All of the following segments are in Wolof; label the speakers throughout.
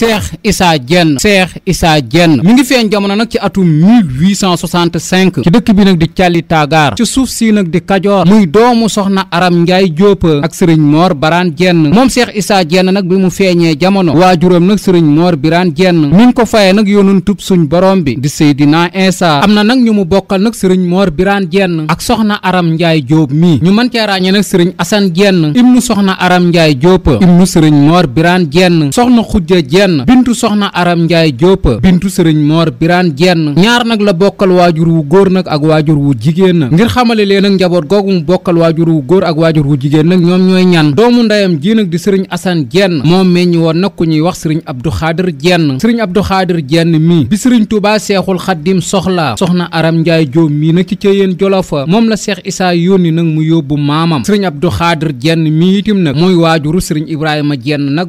Speaker 1: Cheikh Issa Diène Cheikh Issa jenn mu ngi feeñ jamono nag ci atum 1865 ci dëkk bi nag di Cali Tagaar ci suuf sii nag di Kajoor muy doomu soxna Aram Ndiaye Diop ak sëriñ moor Baraan jenn moom Cheikh Issa jenn nag bi mu feeñee jamono waa waajuram nag sëriñ moor Biraan Diène mi ngi ko fayee nag yónun tub suñ borom bi di Seydina Insa am na nag ñu mu bokkal nag sëriñ moor Biraan jenn ak soxna Aram Ndiaye Diop mii ñu mën cee ràññee nag sëriñ Assane Diène ibnu soxna Aram Ndiaye Diop ibnu sëriñ soxna Xujja Diène jenn bintu soxna aram njaay joppa bintu sëriñ moor biraan jenn ñaar nag la bokkal waajur wu góor nag ak waajur wu jigéen ngir xamale leen ak njaboot googu bokkal waajur wu góor ak waajur wu jigéen nag ñoom ñooy ñan doomu ndeyam ji nag di sëriñ asan jenn moom meññi woon nag ku ñuy wax sëriñ abdu xaadir jenn sëriñ abdu xaadir jenn mi bi sëriñ tubaa seexul xaddim soxla soxna araam njaay joom mii nag ci cëyeen jolofa moom la seex isaa yónni nag mu yóbbu maamam sëriñ abdu xaadir jenn mi itim nag mooy waajuru sëriñ ibrahima jenn nag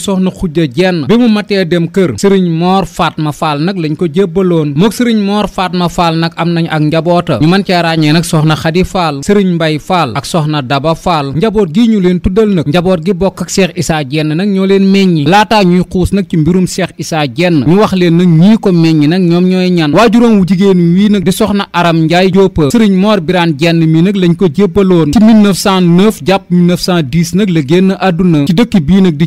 Speaker 1: soxna xujja jenn bi mu matee dem kër sëriñ moor faatma faal nag lañ ko jébbaloon mook sëriñ moor faatma faal nag am nañu ak njaboota ñu mën cee ràññee nag soxna xadi faal sëriñ mbay faal ak soxna daba faal njaboot gi ñu leen tuddal nag njaboot gi bokk ak seex isaa jenn nag ñoo leen meññi laata ñuy xuus nag ci mbirum seex isaa jenn ñu wax leen nag ñii ko meññi nag ñoom ñooy ñan waajuróom wu jigéen wii nag di soxna aram njaay jóopa sëriñ moor biraan jenn mi nag lañ ko jébbaloon ci 1909 jàpp 1910 nag la génn àdduna dëkk bii nag di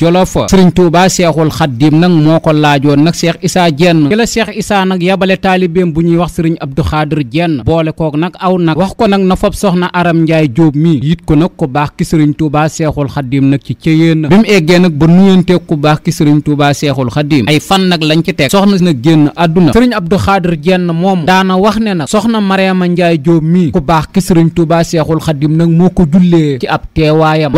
Speaker 1: jolof sëriñ tuuba seexul xaddim nag moo ko laajoon nag seex isaa jenn ki la seex isaa nag yabale taalibeem bu ñuy wax sëriñ abdu xaadir jenn boole kook nag aw nag wax ko nag na fab soxna aram njaay jóob mi yit ko nag ku baax ki sëriñ tuuba seexul xaddim nag ci cëyéen bi mu eggee nag ba nuyantee ku baax ki sëriñ tuuba seexul xaddim ay fan nag lañ ci teg soxna nag génn àdduna sëriñ abdu xaadir jenn moom daana wax ne nag soxna mariama njaay jóob mi ku baax ki sëriñ tuuba seexul xaddim nag moo ko jullee ci ab teewaayam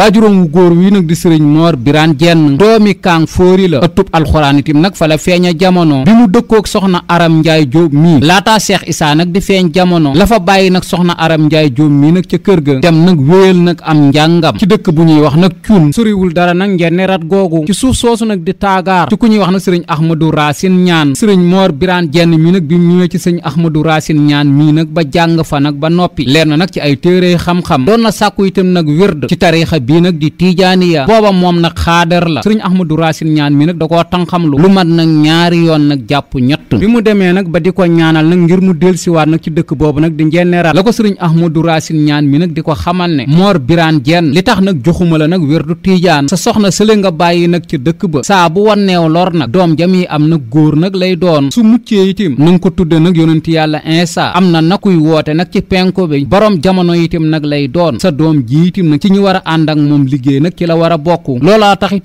Speaker 1: lenn doomi kaang fóori la ëttub alxuraan itim nag fa la feeñ a jamono bi mu dëkkook soxna aram njaay jóob mii laataa seex isaa nag di feeñ jamono la fa bàyyi nag soxna arab njaay jóob mii nag ca kër ga dem nag wéyal nag am njàngam ci dëkk bu ñuy wax nag suriwul dara nag ngenni rat googu suuf soosu nag di taagaar ku ñuy wax nag sëriñ ahmadou raasin ñaan sëriñ moor biraan jenn mi nag bi mu ñëwee ci sëriñ ahmadou raasin ñaan nag ba jàng fa nag ba noppi leer na nag ci ay téere xam-xam doon na sàkku itam nag wérd ci tariixa bii nag di tiijaaniya booba moom nag xaadar leer la sëriñ ahmadou racine ñaan mi nag da koo tanxamlu lu mat nag ñaari yoon nag jàpp ñett bi mu demee nag ba di ko ñaanal nag ngir mu delsiwaat nag ci dëkk boobu nag di njenneeraat la ko sëriñ ahmadou racine ñaan mi nag di ko xamal ne moor biraan jenn li tax nag joxuma la nag wér du tiijaan sa soxna sële nga bàyyi nag ca dëkk ba saa bu wanneew lor nag doom jam am nag góor nag lay doon su muccee itim na nga ko tudde nag yonent yàlla insa am na nakuy woote nag ci penko bi borom jamono itim nag lay doon sa doom ji itim ñu war a ànd ak moom liggéey nag ci la war a bokk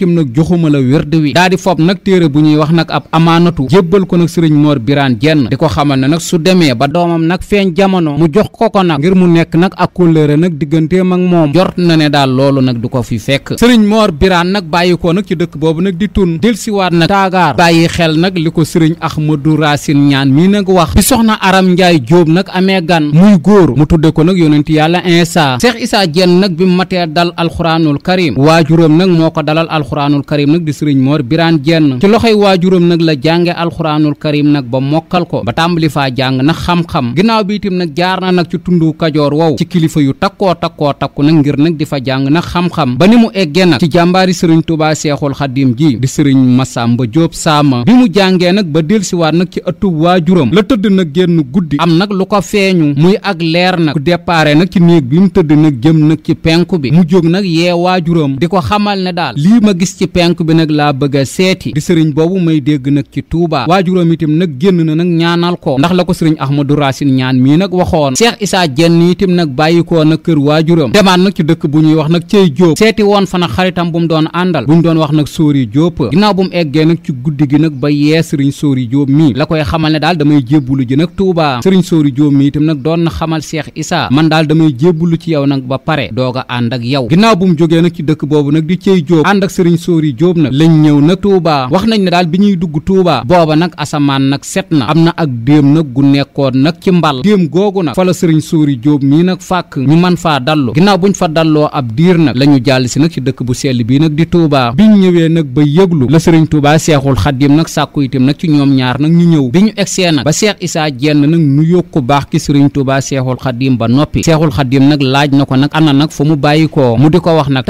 Speaker 1: itam nag joxuma la wérd wi daa di nag téere bu ñuy wax nag ab amaanatu jébbal ko nag sëriñ Mor Birane Diène di ko xamal ne nag su demee ba doomam nag feeñ jamono mu jox ko ko nag ngir mu nekk nag ak kóllëre nag digganteem ak moom jort na ne daal loolu nag du ko fi fekk sëriñ Mor Birane nag bàyyi ko nag ci dëkk boobu nag di tun del siwaat nag taagaar bàyyi xel nag li ko sëriñ Ahmadou Racine ñaan mii nag wax bi soxna Aram Ndiaye Diop nag amee gan muy góor mu tudde ko nag yonent yàlla Insa Cheikh Issa Diène nag bi matee dal alxuraanul karim waajuram nag moo alxuraanul karim nag di sëriñ moor biraan jenn ci loxoy waajuram nag la jànge alxuraanul karim nag ba mokkal ko ba tàmbali faa jàng nag xam-xam ginnaaw bi itam nag jaar na nag ci tundu kajoor wow ci kilifa yu takkoo takkoo takku nag ngir nag di fa jàng nag xam-xam ba ni mu eggee nag ci jàmbaari sëriñ tubaa seexul xadim ji di sëriñ masamba jóob saama bi mu jàngee nag ba delsiwaat nag ci ëttub waajuram la tëdd nag génn guddi am nag lu ko feeñu muy ak leer nag ku déparé nag ci bi mu tëdd nag jëm nag ci penku bi mu jóg gis ci penk bi nag la bëgg a seeti di sëriñ boobu may dégg nag ci Touba waajuróom itam nag génn na nag ñaanal ko ndax la ko sëriñ Ahmadou Racine ñaan mii nag waxoon Cheikh Issa Dieng itam nag bàyyi koo nag kër waajuram demaat nag ci dëkk bu ñuy wax nag cey Jóob seeti woon fa nag xaritam bu mu doon àndal bu mu doon wax nag Sóori Jóob ginnaaw bu mu nag ci guddi gi nag ba yee sëriñ Sóori Jóob mii la koy xamal ne daal damay jébbulu ji nag Touba sëriñ Sóori Jóob mii itam nag doon na xamal Cheikh Issa man daal damay jébbulu ci yow nag ba pare doog a sëriñ Sóori Jóob nag lañ ñëw nag Touba wax nañ ne daal bi ñuy dugg Touba booba nag asamaan nag set na am na ak déem nag gu nekkoon nag ci mbal déem googu nag fa la sëriñ Sóori Jóob mii nag fàkk ñu man faa dallu ginnaaw buñ fa dalloo ab diir nag la ñu jàll si nag ci dëkk bu sell bii nag di bi biñ ñëwee nag ba yëglu la sëriñ Touba seexul xaddim nag sàkku itam nag ci ñoom ñaar nag ñu ñëw bi ñu egsee nag ba seex i isaa jenn nag nu yókku baax ki sëriñ Touba seexul xaddim ba noppi seexul xaddim nag laaj ko nag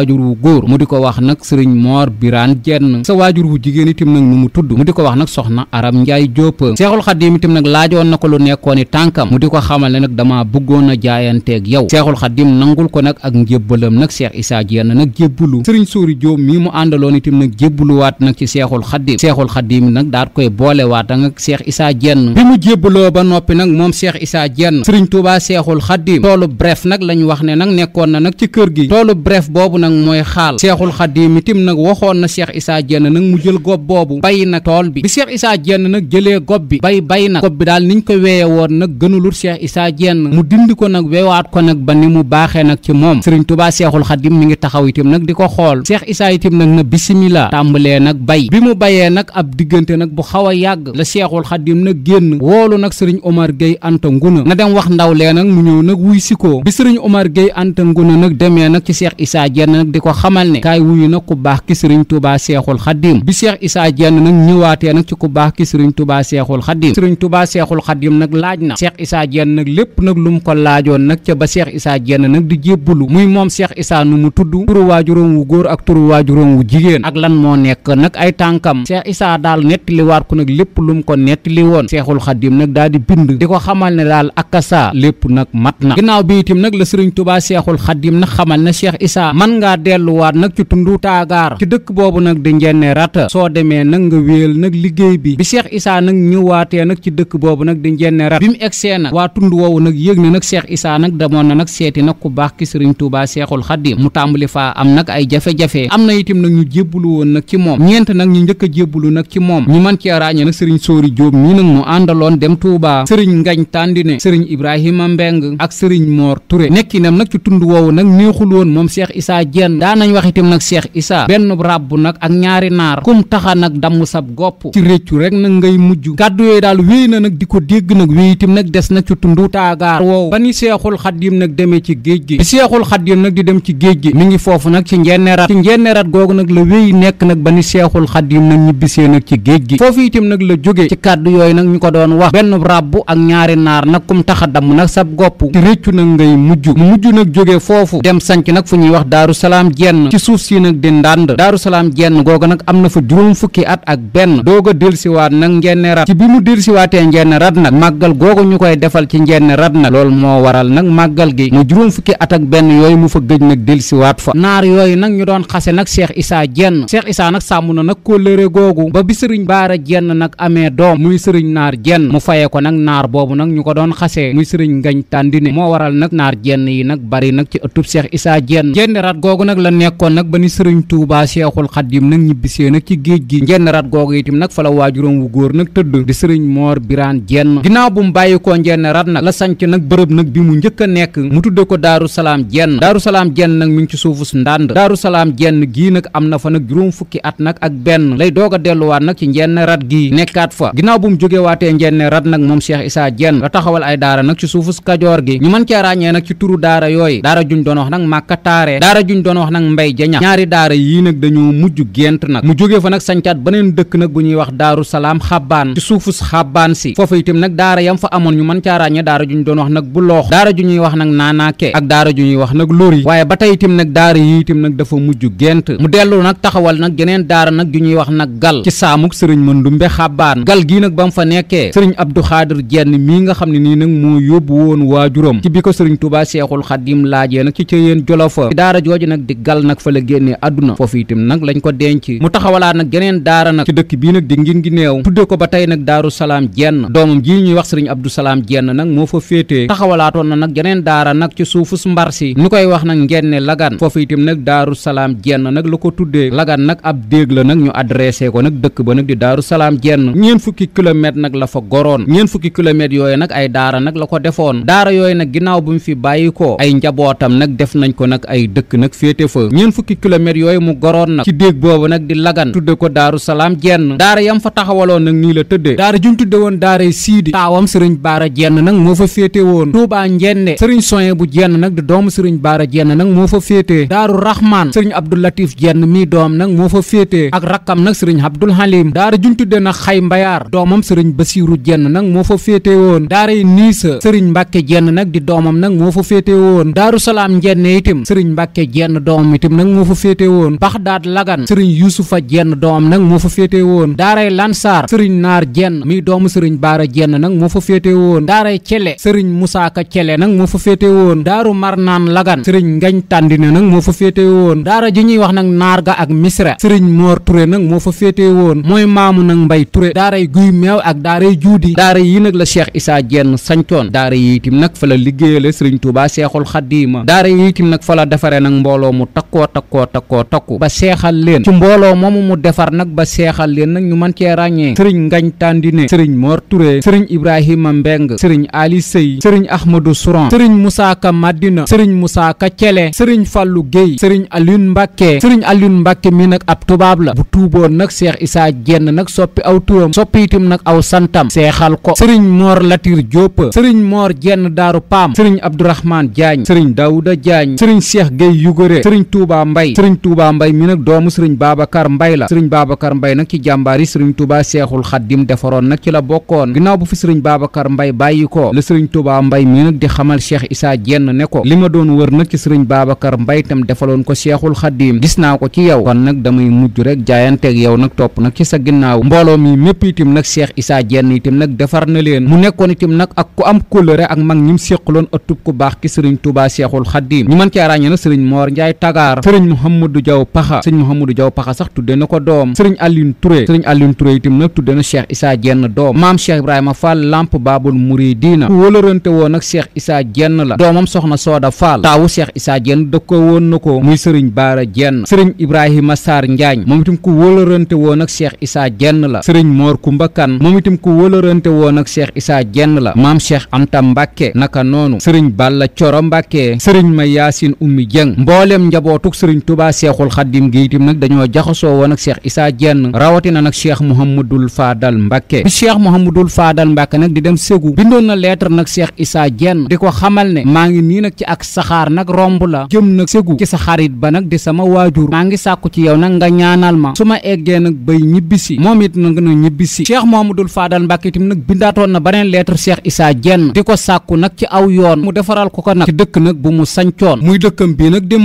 Speaker 1: waajur wu góor mu di ko wax nag sëriñ Mor Birane Jenn sa waajur wu jigéen itam nag nu mu tudd mu di ko wax nag soxna Aram Njaay Jóob Seexul Xadiim itam nag laajoon na ko lu nekkooni tànkam mu di ko xamal ne nag dama bëggoon a jaayanteeg yow Seexul Xadiim nangul ko nag ak njébbalam nag Seex Isaa Jenn nag jébbalu sëriñ Sóori Jóob mii mu àndaloon itam nag jébbaluwaat nag ci Seexul Xadiim Seexul Xadiim nag daat koy boolewaat ak Seex Isaa Jenn bi mu jébbaloo ba noppi nag moom Seex Isaa Jenn sëriñ Tuubaa Seexul Xadiim toolu bref nag lañ wax ne nag nekkoon na nag ci kër gi toolu bref boobu nag mooy xaal seexul xaddiim itam nag waxoon na Cheikh Issa Diène nag mu jël gob boobu bay nag tool bi bi Cheikh Issa Diène nag jëlee gob bi bay bay nag gob bi daal niñ ko weeye woon nag gënulul Cheikh Issa Diène mu dindi ko nag weewaat ko nag ba ni mu baaxee nag ci moom Serigne Touba Seexul Xaddiim mi ngi taxaw itam nag di ko xool Cheikh Issa itam nag na bisimila tàmbalee nag bay bi mu bayee nag ab diggante nag bu xaw a yàgg la Seexul Xaddiim nag génn woolu nag Serigne Omar Gueye Anta Nguna na dem wax ndaw lee nag mu ñëw nag wuy si ko bi Serigne Omar Gueye jenn nag di ko xamal ne kaay wuyu nag ku baax ki sëriñ tubaa seexul xaddim bi seex isaa jenn nag ñëwaatee nag ci ku baax ki sëriñ tubaa seexul xaddim sëriñ tubaa seexul xaddim nag na seex ba seex isaa jenn nag di jébbalu muy moom seex isaa nu mu tudd turu waajuróom wu góor ak turu waajuróom wu jigéen ak lan moo nekk nag ay tànkam seex isaa daal nettaliwaat ko nag lépp lu mu ko nettali woon seexul xaddim nag daal bind di ko xamal ne daal akasa lépp nag mat na ginnaaw bi itam nag la sëriñ tubaa seexul xaddim nag xamal na seex isaa ngaa delluwaat nag ci tundu taagaar ci dëkk boobu nag di njenne soo demee nag nga wéel nag liggéey bi bi Cheikh Issa nag ñëwaatee nag ci dëkk boobu nag di njenne rat bi mu egsee nag waa tund woowu nag yëg ne nag Cheikh Issa nag demoon na nag seeti nag ku baax ki Serigne Touba Cheikhul Khadim mu tàmbali faa am nag ay jafe-jafe am na itam nag ñu jébbalu woon nag ci moom ñeent nag ñu njëkk a nag ci moom ñu mën cee ràññee nag sëriñ Sori Diop mii nag mu àndaloon dem Touba Serigne Ngagne Tandine Serigne Ibrahima Mbeng ak Serigne Mor Touré nekkinam nag ci tund woowu nag neexul woon moom Cheikh Issa jenn daa nañ wax itam nag Cheikh Issa benn ràbb nag ak ñaari naar kum taxa nag damm sab gopp ci réccu rek nag ngay mujj kàddu yooyu daal wéy na nag di ko dégg nag wéy itam nag des nag ci tundu taagaar woow ba ni Seexul Xaddim nag demee ci géej gi bi Seexul Xaddim nag di dem ci géej gi mi ngi foofu nag ci njenneerat ci njenneerat googu nag la wéy nekk nag ba ni Seexul Xaddim nag ñibbisee nag ci géej gi foofu itam nag la jóge ci kàddu yooyu nag ñu ko doon wax benn ràbb ak ñaari naar nag kum taxa damm nag sab gopp ci réccu nag ngay mujj mu mujj nag jóge foofu dem sanc nag fu ñuy wax daaru salaam jenn ci suuf si nag di ndànd daaru salaam jenn googa nag am na fa juróom fukki at ak benn doog a delsiwaat nag njenne rat ci bi mu delsiwaatee njenne rat nag màggal googu ñu koy defal ci njenne rat nag loolu moo waral nag màggal gi mu juróom fukki at ak benn yooyu mu fa gëj nag delsiwaat fa naar yooyu nag ñu doon xase nag Cheikh Issa jenn Cheikh Issa nag sàmm na nag kóllëre googu ba bi sëriñ baara jenn nag amee doom muy sëriñ naar jenn mu fayee ko nag naar boobu nag ñu ko doon xasee muy sëriñ ngañ tàndine moo waral nag naar jenn yi nag bari nag ci ëttub Cheikh Issa jenn jenn rat googu nag la nekkoon nag ba ni sëriñ Touba Seexul Xaddim nag ñibbisee nag ci géej gi njenn rat googu itam nag fa la waajuróom wu nag tëdd di sëriñ Moor Biraan Jenn ginnaaw bu mu bàyyi ko njenn rat nag la sanc nag bërëb nag bi mu njëkk a nekk mu tudde ko Daaru Salaam Jenn Daaru Salaam Jenn nag mi ci suufus ndànd Daaru Salaam Jenn gii nag am na fa nag juróom fukki at nag ak benn lay doog delluwaat nag ci njenn rat gi nekkaat fa ginnaaw bu mu jógewaatee njenn rat nag moom Cheikh Issa Jenn la taxawal ay daara nag ci suufus Kajoor gi ñu mën cee ràññee nag ci turu daara yooyu daara juñ doon wax nag màkka taare daara juñ lañ doon wax nag mbay ja ña ñaari daara yii nag gént nag mu jógee fa nag sancaat beneen dëkk nag bu ñuy wax daaru salaam xabbaan ci suufus xabbaan si foofu itam nag daara yam fa amoon ñu mën caa ràññee daara ju ñu doon wax nag bu loox daara ju ñuy wax nag naanaake ak daara ju ñuy wax nag lóri waaye ba tey itam nag daara yi itam nag dafa mujj gént mu dellu nag taxawal nag geneen daara nag ju ñuy wax nag gal ci saamuk sëriñ mëndumbe xabbaan gal gii nag ba mu fa nekkee sëriñ abdu xaadir jenn mii nga xam ne nii nag moo yóbbu woon waajuram ci bi ko sëriñ tubaa seexul xadim laajee nag ci ca jolofa daara jooju nag di gal nag fa la génnee àdduna foofu itam nag lañ ko denc mu taxawalaat nag geneen daara nag ci dëkk moo fa féetee taxawalaatoon na nag geneen daara nag ci suufus mbar si ñu koy wax nag ngenne lagan foofu itam nag daaru salaam jenn nag la ko tuddee lagan nag ab déeg la nag ñu adressé ko nag dëkk ba nag di daaru salaam jenn ñeen fukki kilomètre nag la fa goroon ñeen fukki kilomètres yooyu nag ay daara nag la ko defoon daara yooyu nag ginnaaw bu mu fi bàyyi ko ay njabootam nag def nañ ko nag ay dëkk nag féete fa ñeent fukki kilomètres yooyu mu goroon nag ci déeg boobu nag di lagan tudde ko daaru jenn daara yam fa taxawaloon nag nii la tëddee daara juñ tudde woon daaray siidi taawam sëriñ baara jenn nag moo fa féete woon tuubaa njenne sëriñ soye bu jenn nag di doomu sëriñ baara jenn nag moo fa féete daaru rahman sëriñ abdul latif jenn mii doom nag moo fa féete ak rakkam nag sëriñ abdul halim daara juñ tudde nag xay mbayaar doomam sëriñ basiiru jenn nag moo fa féete woon daaray niisa sëriñ mbàkke jenn nag di doomam nag moo fa féete woon daaru salaam njenne itim sëriñ mbàkke jenn doomam itam nag moo fa féete woon baxdaad lagan sëriñ yusufa jenn doomam nag moo fa féete woon daaray lansaar sëriñ naar jenn miy doomu sëriñ baara jenn nag moo fa féete woon daaray cele sëriñ musaaka cele nag moo fa féete woon daaru marnaan lagan sëriñ ngañ tàndine nag moo fa féete woon daara ji ñuy wax nag naar ga ak misra sëriñ moor ture nag moo fa féete woon mooy maamu nag mbay ture daaray guy meew ak daaray juudi daara yi nag la cheikh isaa jenn sañtoon daara yi itam nag fa la liggéeyale sëriñ tuuba seexul xaddiima daara yi itam nag fa la defare nag mbooloo mu takkoo takkoo takkoo takku ba seexal leen ci mu defar nag ba seexal leen nag ñu mën cee ràññee sëriñ ngañ tàndine sëriñ mor Touré sëriñ ibrahima mbeng sëriñ ali sëy sëriñ ahmadou souran sëriñ moussa ka madina sëriñ moussa ka cele sëriñ fàllu géy sëriñ alioune mbàkke sëriñ alioune mbàkke mi nag ab tubaab la bu tuuboon nag seex isaa jenn nag soppi aw turam soppi itam nag aw santam seexal ko sëriñ moor latir Diop sëriñ moor jenn daaru paam sëriñ abdourahman diagne sëriñ daouda diagne sëriñ seex géy yugo Gorée sëriñ Touba Mbay sëriñ Touba Mbay mi nag doomu sëriñ Babacar Mbay la sëriñ Babacar Mbay nag ci jàmbaar yi sëriñ Touba Seexul Xaddim defaroon nag ci la bokkoon ginnaaw bu fi sëriñ Babacar Mbay bàyyi ko la sëriñ Touba Mbay mi nag di xamal Cheikh Issa Diène ne ko li ma doon wër nag ci sëriñ Babacar Mbay tam defaloon ko Seexul Xaddim gis naa ko ci yow kon nag damay mujj rek jaayanteeg yow nag topp nag ci sa ginnaaw mbooloo mi mépp itim nag Cheikh Issa Diène itam nag defar na leen mu nekkoon itam nag ak ku am kóllëre ak mag ñim séqaloon ëttub ku baax ki sëriñ Touba Seexul Xaddim Makhtar Ndiaye Tagaar sëriñ Mouhamadou Diaw Paxa sëriñ Mouhamadou Diaw Paxa sax tudde na ko doom sëriñ Alioune Touré sëriñ Alioune Touré itam nag tudde na Cheikh Issa Diène doom maam Cheikh Ibrahima Fall Lamp Baabul Mouridina ku wólarante woon ak Cheikh Issa Diène la doomam soxna Sooda Fall taawu Cheikh Issa Diène dëkkoo woon na ko muy sëriñ Baara Diène sëriñ Ibrahima Sarr Njaañ moom itam ku wólarante woon ak Cheikh Issa Diène la sëriñ Mor Kumba Kan moom itam ku wólarante woon ak Issa Diène la maam Cheikh Anta Mbàkke naka noonu sëriñ Balla Coro Mbàkke sëriñ mboolem njabootug sëriñ tubaa seexul xaddim gi itam nag dañoo jaxasoo woon ak seex isaa jenn rawatina nag cheikh mouhamadul faadal mbàkke bi cheikh mouhamadul faadal mbàkke nag di dem ségu bindoon na lettre nag seex isaa jenn di ko xamal ne maa ngi nii nag ci ak saxaar nag romb la jëm nag ségu ci sa xarit ba nag di sama waajur maa ngi sàkku ci yow nag nga ñaanal ma su ma eggee nag bay ñibbisi moom it nag na ñibbisi cheikh mouhamadul faadal mbàkke itam nag bindaatoon na beneen lettre seex isaa jenn di ko sàkku nag ci aw yoon mu defaral ko ko nag ci dëkk nag bu mu sancoon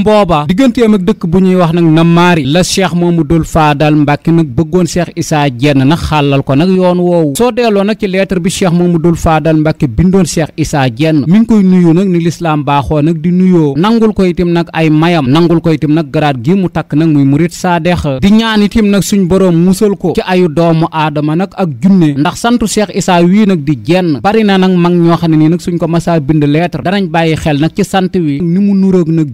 Speaker 1: booba digganteem ak dëkk bu ñuy wax nag na maari la cheikh Mamadou Fadal Mbàkke nag bëggoon cheikh isaa jenn nag xàllal ko nag yoon woowu soo delloo nag ci lettre bi mu Mamadou Fadal Mbàkke bindoon cheikh isaa jenn mi ngi koy nuyu nag ni lislaam baaxoo nag di nuyoo nangul ko itam nag ay mayam nangul ko itam nag garaat gi mu takk nag muy murit saadex di ñaan itam nag suñ boroom musal ko ci ayu doomu aadama nag ak junne ndax sant cheikh isaa wii nag di jenn bari na nag mag ñoo xam ne nii nag suñ ko masaa bind lettre danañ bàyyi xel nag ci sant wi ni mu nuroog nag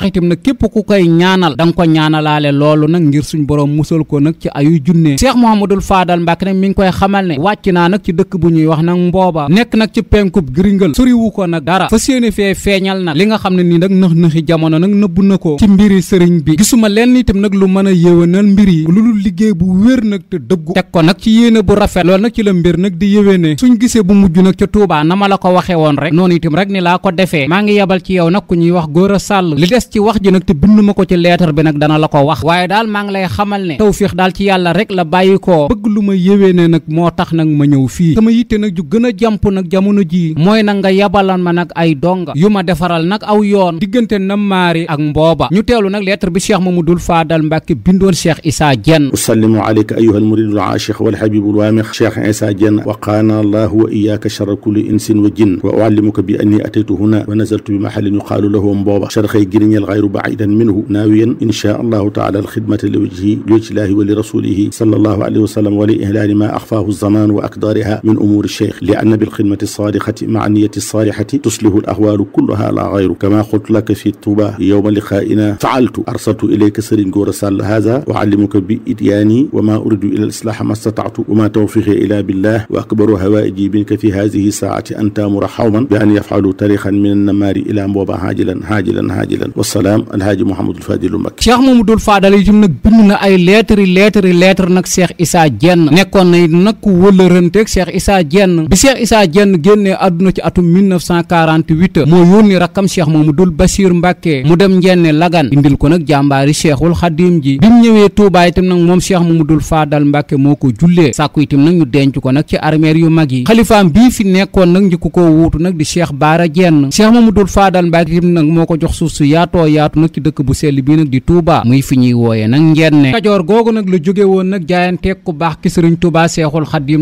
Speaker 1: tax itam ku koy ñaanal da nga ko ñaanalaale loolu nag ngir suñ borom musal ko nag ci ayu junnee Cheikh Mouhamadul Fadal Mbàkke nag mi ngi koy xamal ne wàcc naa nag ci dëkk bu ñuy wax nag mbooba nekk nag ci penkub gringal soriwu ko nag dara fa séeni fee feeñal nag li nga xam ne nii nag nëx-nëxi jamono nag nëbbu na ko ci mbiri sëriñ bi gisuma lenn itam nag lu mën a yéwénal mbir yi lu dul liggéey bu wér nag te dëggu teg ko nag ci yéene bu rafet loolu nag ci la mbir nag di yéwénee suñ gisee bu mujj nag ca Tuubaa na ma la ko waxe woon rek noonu itam rek ni laa ko defee maa ngi yebal ci yow nag ku ñuy wax góor sàll li des ci wax ji nag te bind ma ko ci leetar bi nag dana la ko wax waaye daal maa ngi lay xamal ne tawfiix daal ci yàlla rek la bàyyi koo bëgg lu ma ne nag moo tax nag ma ñëw fii sama yitte nag ju gën a jàmp nag jamono jii mooy nag nga yabalan ma nag ay donga yu ma defaral nag aw yoon diggante na maari ak mbooba ñu teelu nag lettre bi ma cheikh mamadul faadal mbàkke
Speaker 2: bindoon cheikh isaa jenn usallimu aleyka ayuha almuridul aashiq walhabibu lwaamix cheikh isaa jenn waqaana allah wa iyaaka charra kulli insin wa jin wa uallimuka bi anni ataytu huna wa nazaltu bi mahalin yuqaalu lahu mbooba charxay giriñ man yal xayru baidan minhu naawiyan inchaa allahu taala alxidmata li wajhi li wajhillahi wa li rasulihi sallallahu alayhi wa sallam wa li ihlaali ma axfaahu zaman wa akdariha min umuuri cheikh li anna bilxidmati alsaadixati maa niyati alsaalixati tuslihu alahwaalu kullaha laa xayru kama qultu laka fi tuuba yowma liqaaina faaltu arsaltu ilayka sëriñ góor a sàll haza wa allimuka bi ityaani wa ma uridu ila alislaaha ma stataatu wa ma tawfiqi ila billah wa akbaru hawaaiji minka fi hadihi saati an taamura xawman bi an yafaalu tarixan min annamaari ila mbooba haajilan haajilan haajilan wasalaam alhaaji Mouhamadul Fadilou Mbacké
Speaker 1: Cheikh Mamadoul Fadal itam na ay lettres yi lettres nag Cheikh Issa Diène nekkoon na nag ku wëlëranteeg Cheikh Issa Diène bi Cheikh Issa Diène génnee àdduna ci atum moo yónni rakkam Cheikh Mamadoul Bachir Mbacké mu dem njenne lagan indil ko nag jàmbaari Cheikhul Xadim ji bi mu ñëwee Touba itam nag moom Cheikh Mamadoul Fadal Mbacké moo ko jullee sàkku itam nag ñu denc ko nag ci armeer yu mag yi xalifaam bii fi nekkoon nag njëkku ko yaatoo yaatu nag ci dëkk bu sell bii nag di Touba muy fi ñuy wooye nag njenne kajoor googu nag la jóge woon nag jaayanteeg ku baax ki sëriñ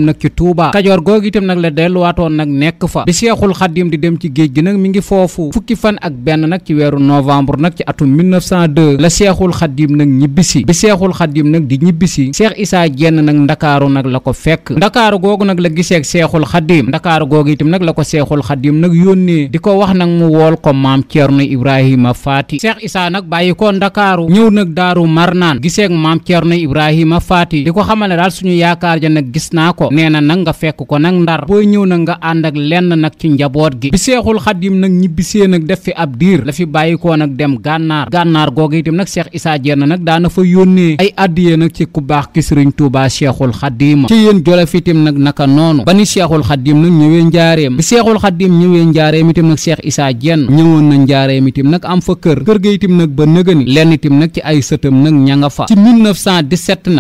Speaker 1: nag ci Touba kajoor googu itam nag la delluwaatoon nag nekk fa bi seexul xadim di dem ci géej gi nag mi ngi foofu fukki fan ak benn nag ci weeru novembre nag ci atum 1902 la seexul xadim nag ñibbisi bi seexul xadim nag di ñibbisi Seex isa Jenn nag ndakaaru nag la ko fekk ndakaaru googu nag la giseek seexul xadim ndakaaru googu itam nag la ko seexul xadim nag yónnee di ko wax nag mu wool ko maam Ceerno Ibrahima Faati Cheikh Issa nag bàyyi ko Ndakaaru ñëw nag daaru Marnaan giseeg maam Thierno Ibrahima Faati di ko xamal na daal suñu yaakaar ja nag gis naa ko nee na nag nga fekk ko nag ndar booy ñëw nag nga ànd ak lenn nag ci njaboot gi bi Seexul Xadim nag ñibbisee nag def fi ab diir la fi bàyyi ko nag dem gànnaar gànnaar googu itam nag Cheikh Issa Diène nag daana fa yónnee ay addiye nag ci ku baax ki Sëriñ Tuubaa Seexul Xadim ci yéen Jolof itam nag naka noonu ba ni Seexul Xadim nag ñëwee njaareem bi Seexul Xadim ñëwee njaareem itam nag Cheikh Issa Diène ñëwoon na kër kër ga itam nag ba nëgëni lenn itam nag ci ay sëtam nag ña nga fa ci nag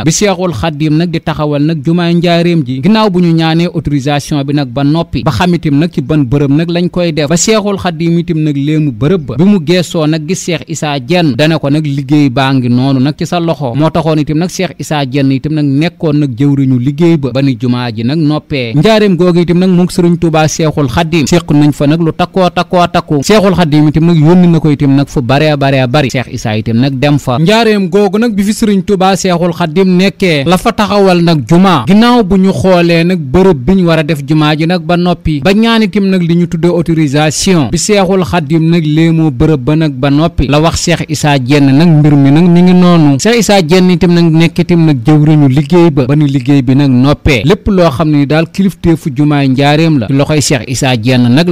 Speaker 1: bi Seexul Xaddim nag di taxawal nag jumaay ji bu ñu ñaanee autorisation bi nag ba noppi ba xam itam nag ci ban bërëb nag lañ koy def ba Seexul Xaddim itam nag léemu bërëb ba bi mu geesoo nag gis Seex Isaa Jenn dana ko nag liggéey baa ngi noonu nag sa loxo moo taxoon itam nag Seex Isaa Jenn itam nag nekkoon nag jëwriñu liggéey ba ba ni jumaa ji nag noppee njaareem googu itam nag mu ngi Sëriñ Tuubaa Seexul Xaddim séq nañ fa nag lu takkoo takkoo takku Seexul Xaddim itam nag yónni na ko itam nag fu bare bare bari Cheikh Issa itam nag dem fa njaareem googu nag bi fi Serigne Touba Seexul Xadim nekkee la fa taxawal nag jumaa ginnaaw bu ñu xoolee nag bërëb ñu war a def jumaa ji nag ba noppi ba ñaan itam nag li ñu tuddee autorisation bi Seexul Xadim nag moo bërëb ba nag ba noppi la wax Cheikh Issa Diène nag mbir mi nag mu ngi noonu Cheikh Issa Diène itam nag nekk itam nag jëwriñu liggéey ba ba nu liggéey bi nag noppee lépp loo xam ne daal kilifteefu jumaay njaareem la ci loxoy Cheikh Issa Diène nag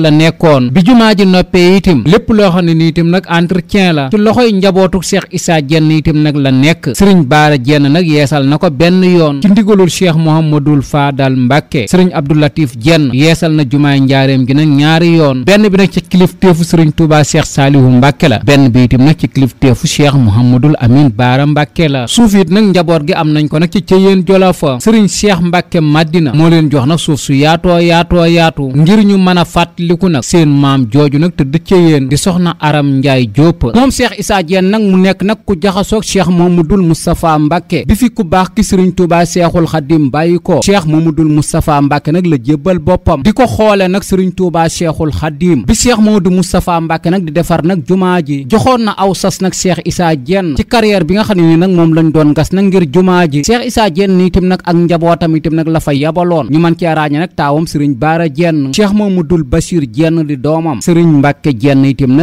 Speaker 1: ni itam nag entretien la ci loxoy njabootu Cheikh Issa Diène itam nag la nekk sëriñ Baara Diène nag yeesal na ko benn yoon ci ndigalul Cheikh Mouhamadul Fadal Mbacke sëriñ Abdou Latif Diène yeesal na jumaay njaareem gi nag ñaari yoon benn bi nag ci kilifteefu sëriñ Touba Cheikh Salihu Mbacke la benn bi itam nag ci kilifteefu Cheikh Mouhamadul Amin Baara Mbacke la suuf it nag njaboot gi am nañ ko nag ci cëyeen jolofa sëriñ Cheikh Mbacke Madina moo leen jox nag suuf su yaatoo yaatoo yaatu ngir ñu a fàttaliku nag seen maam jooju nag tëdd cëyeen di Diop moom Cheikh Issa Diène nag mu nekk nag ku jaxasoog Cheikh Mamadou Moustapha Mbacke bi fi ku baax ki Serigne Touba Cheikhul Khadim bàyyi ko mu Mamadou Moustapha Mbacke nag la jébbal boppam di ko xoole nag Serigne Touba Cheikhul Khadim bi Cheikh Mamadou Moustapha Mbacke nag di defar nag jumaa ji joxoon na aw sas nag Cheikh Issa jenn ci carrière bi nga xam ne nag moom lañ doon ngas nag ngir jumaa ji Cheikh Issa Diène ni itam nag ak njabootam itam nag la fa yabaloon ñu mën cee ràññe nag taawam Serigne Bara Diène Cheikh Mamadou Bachir Diène di doomam Serigne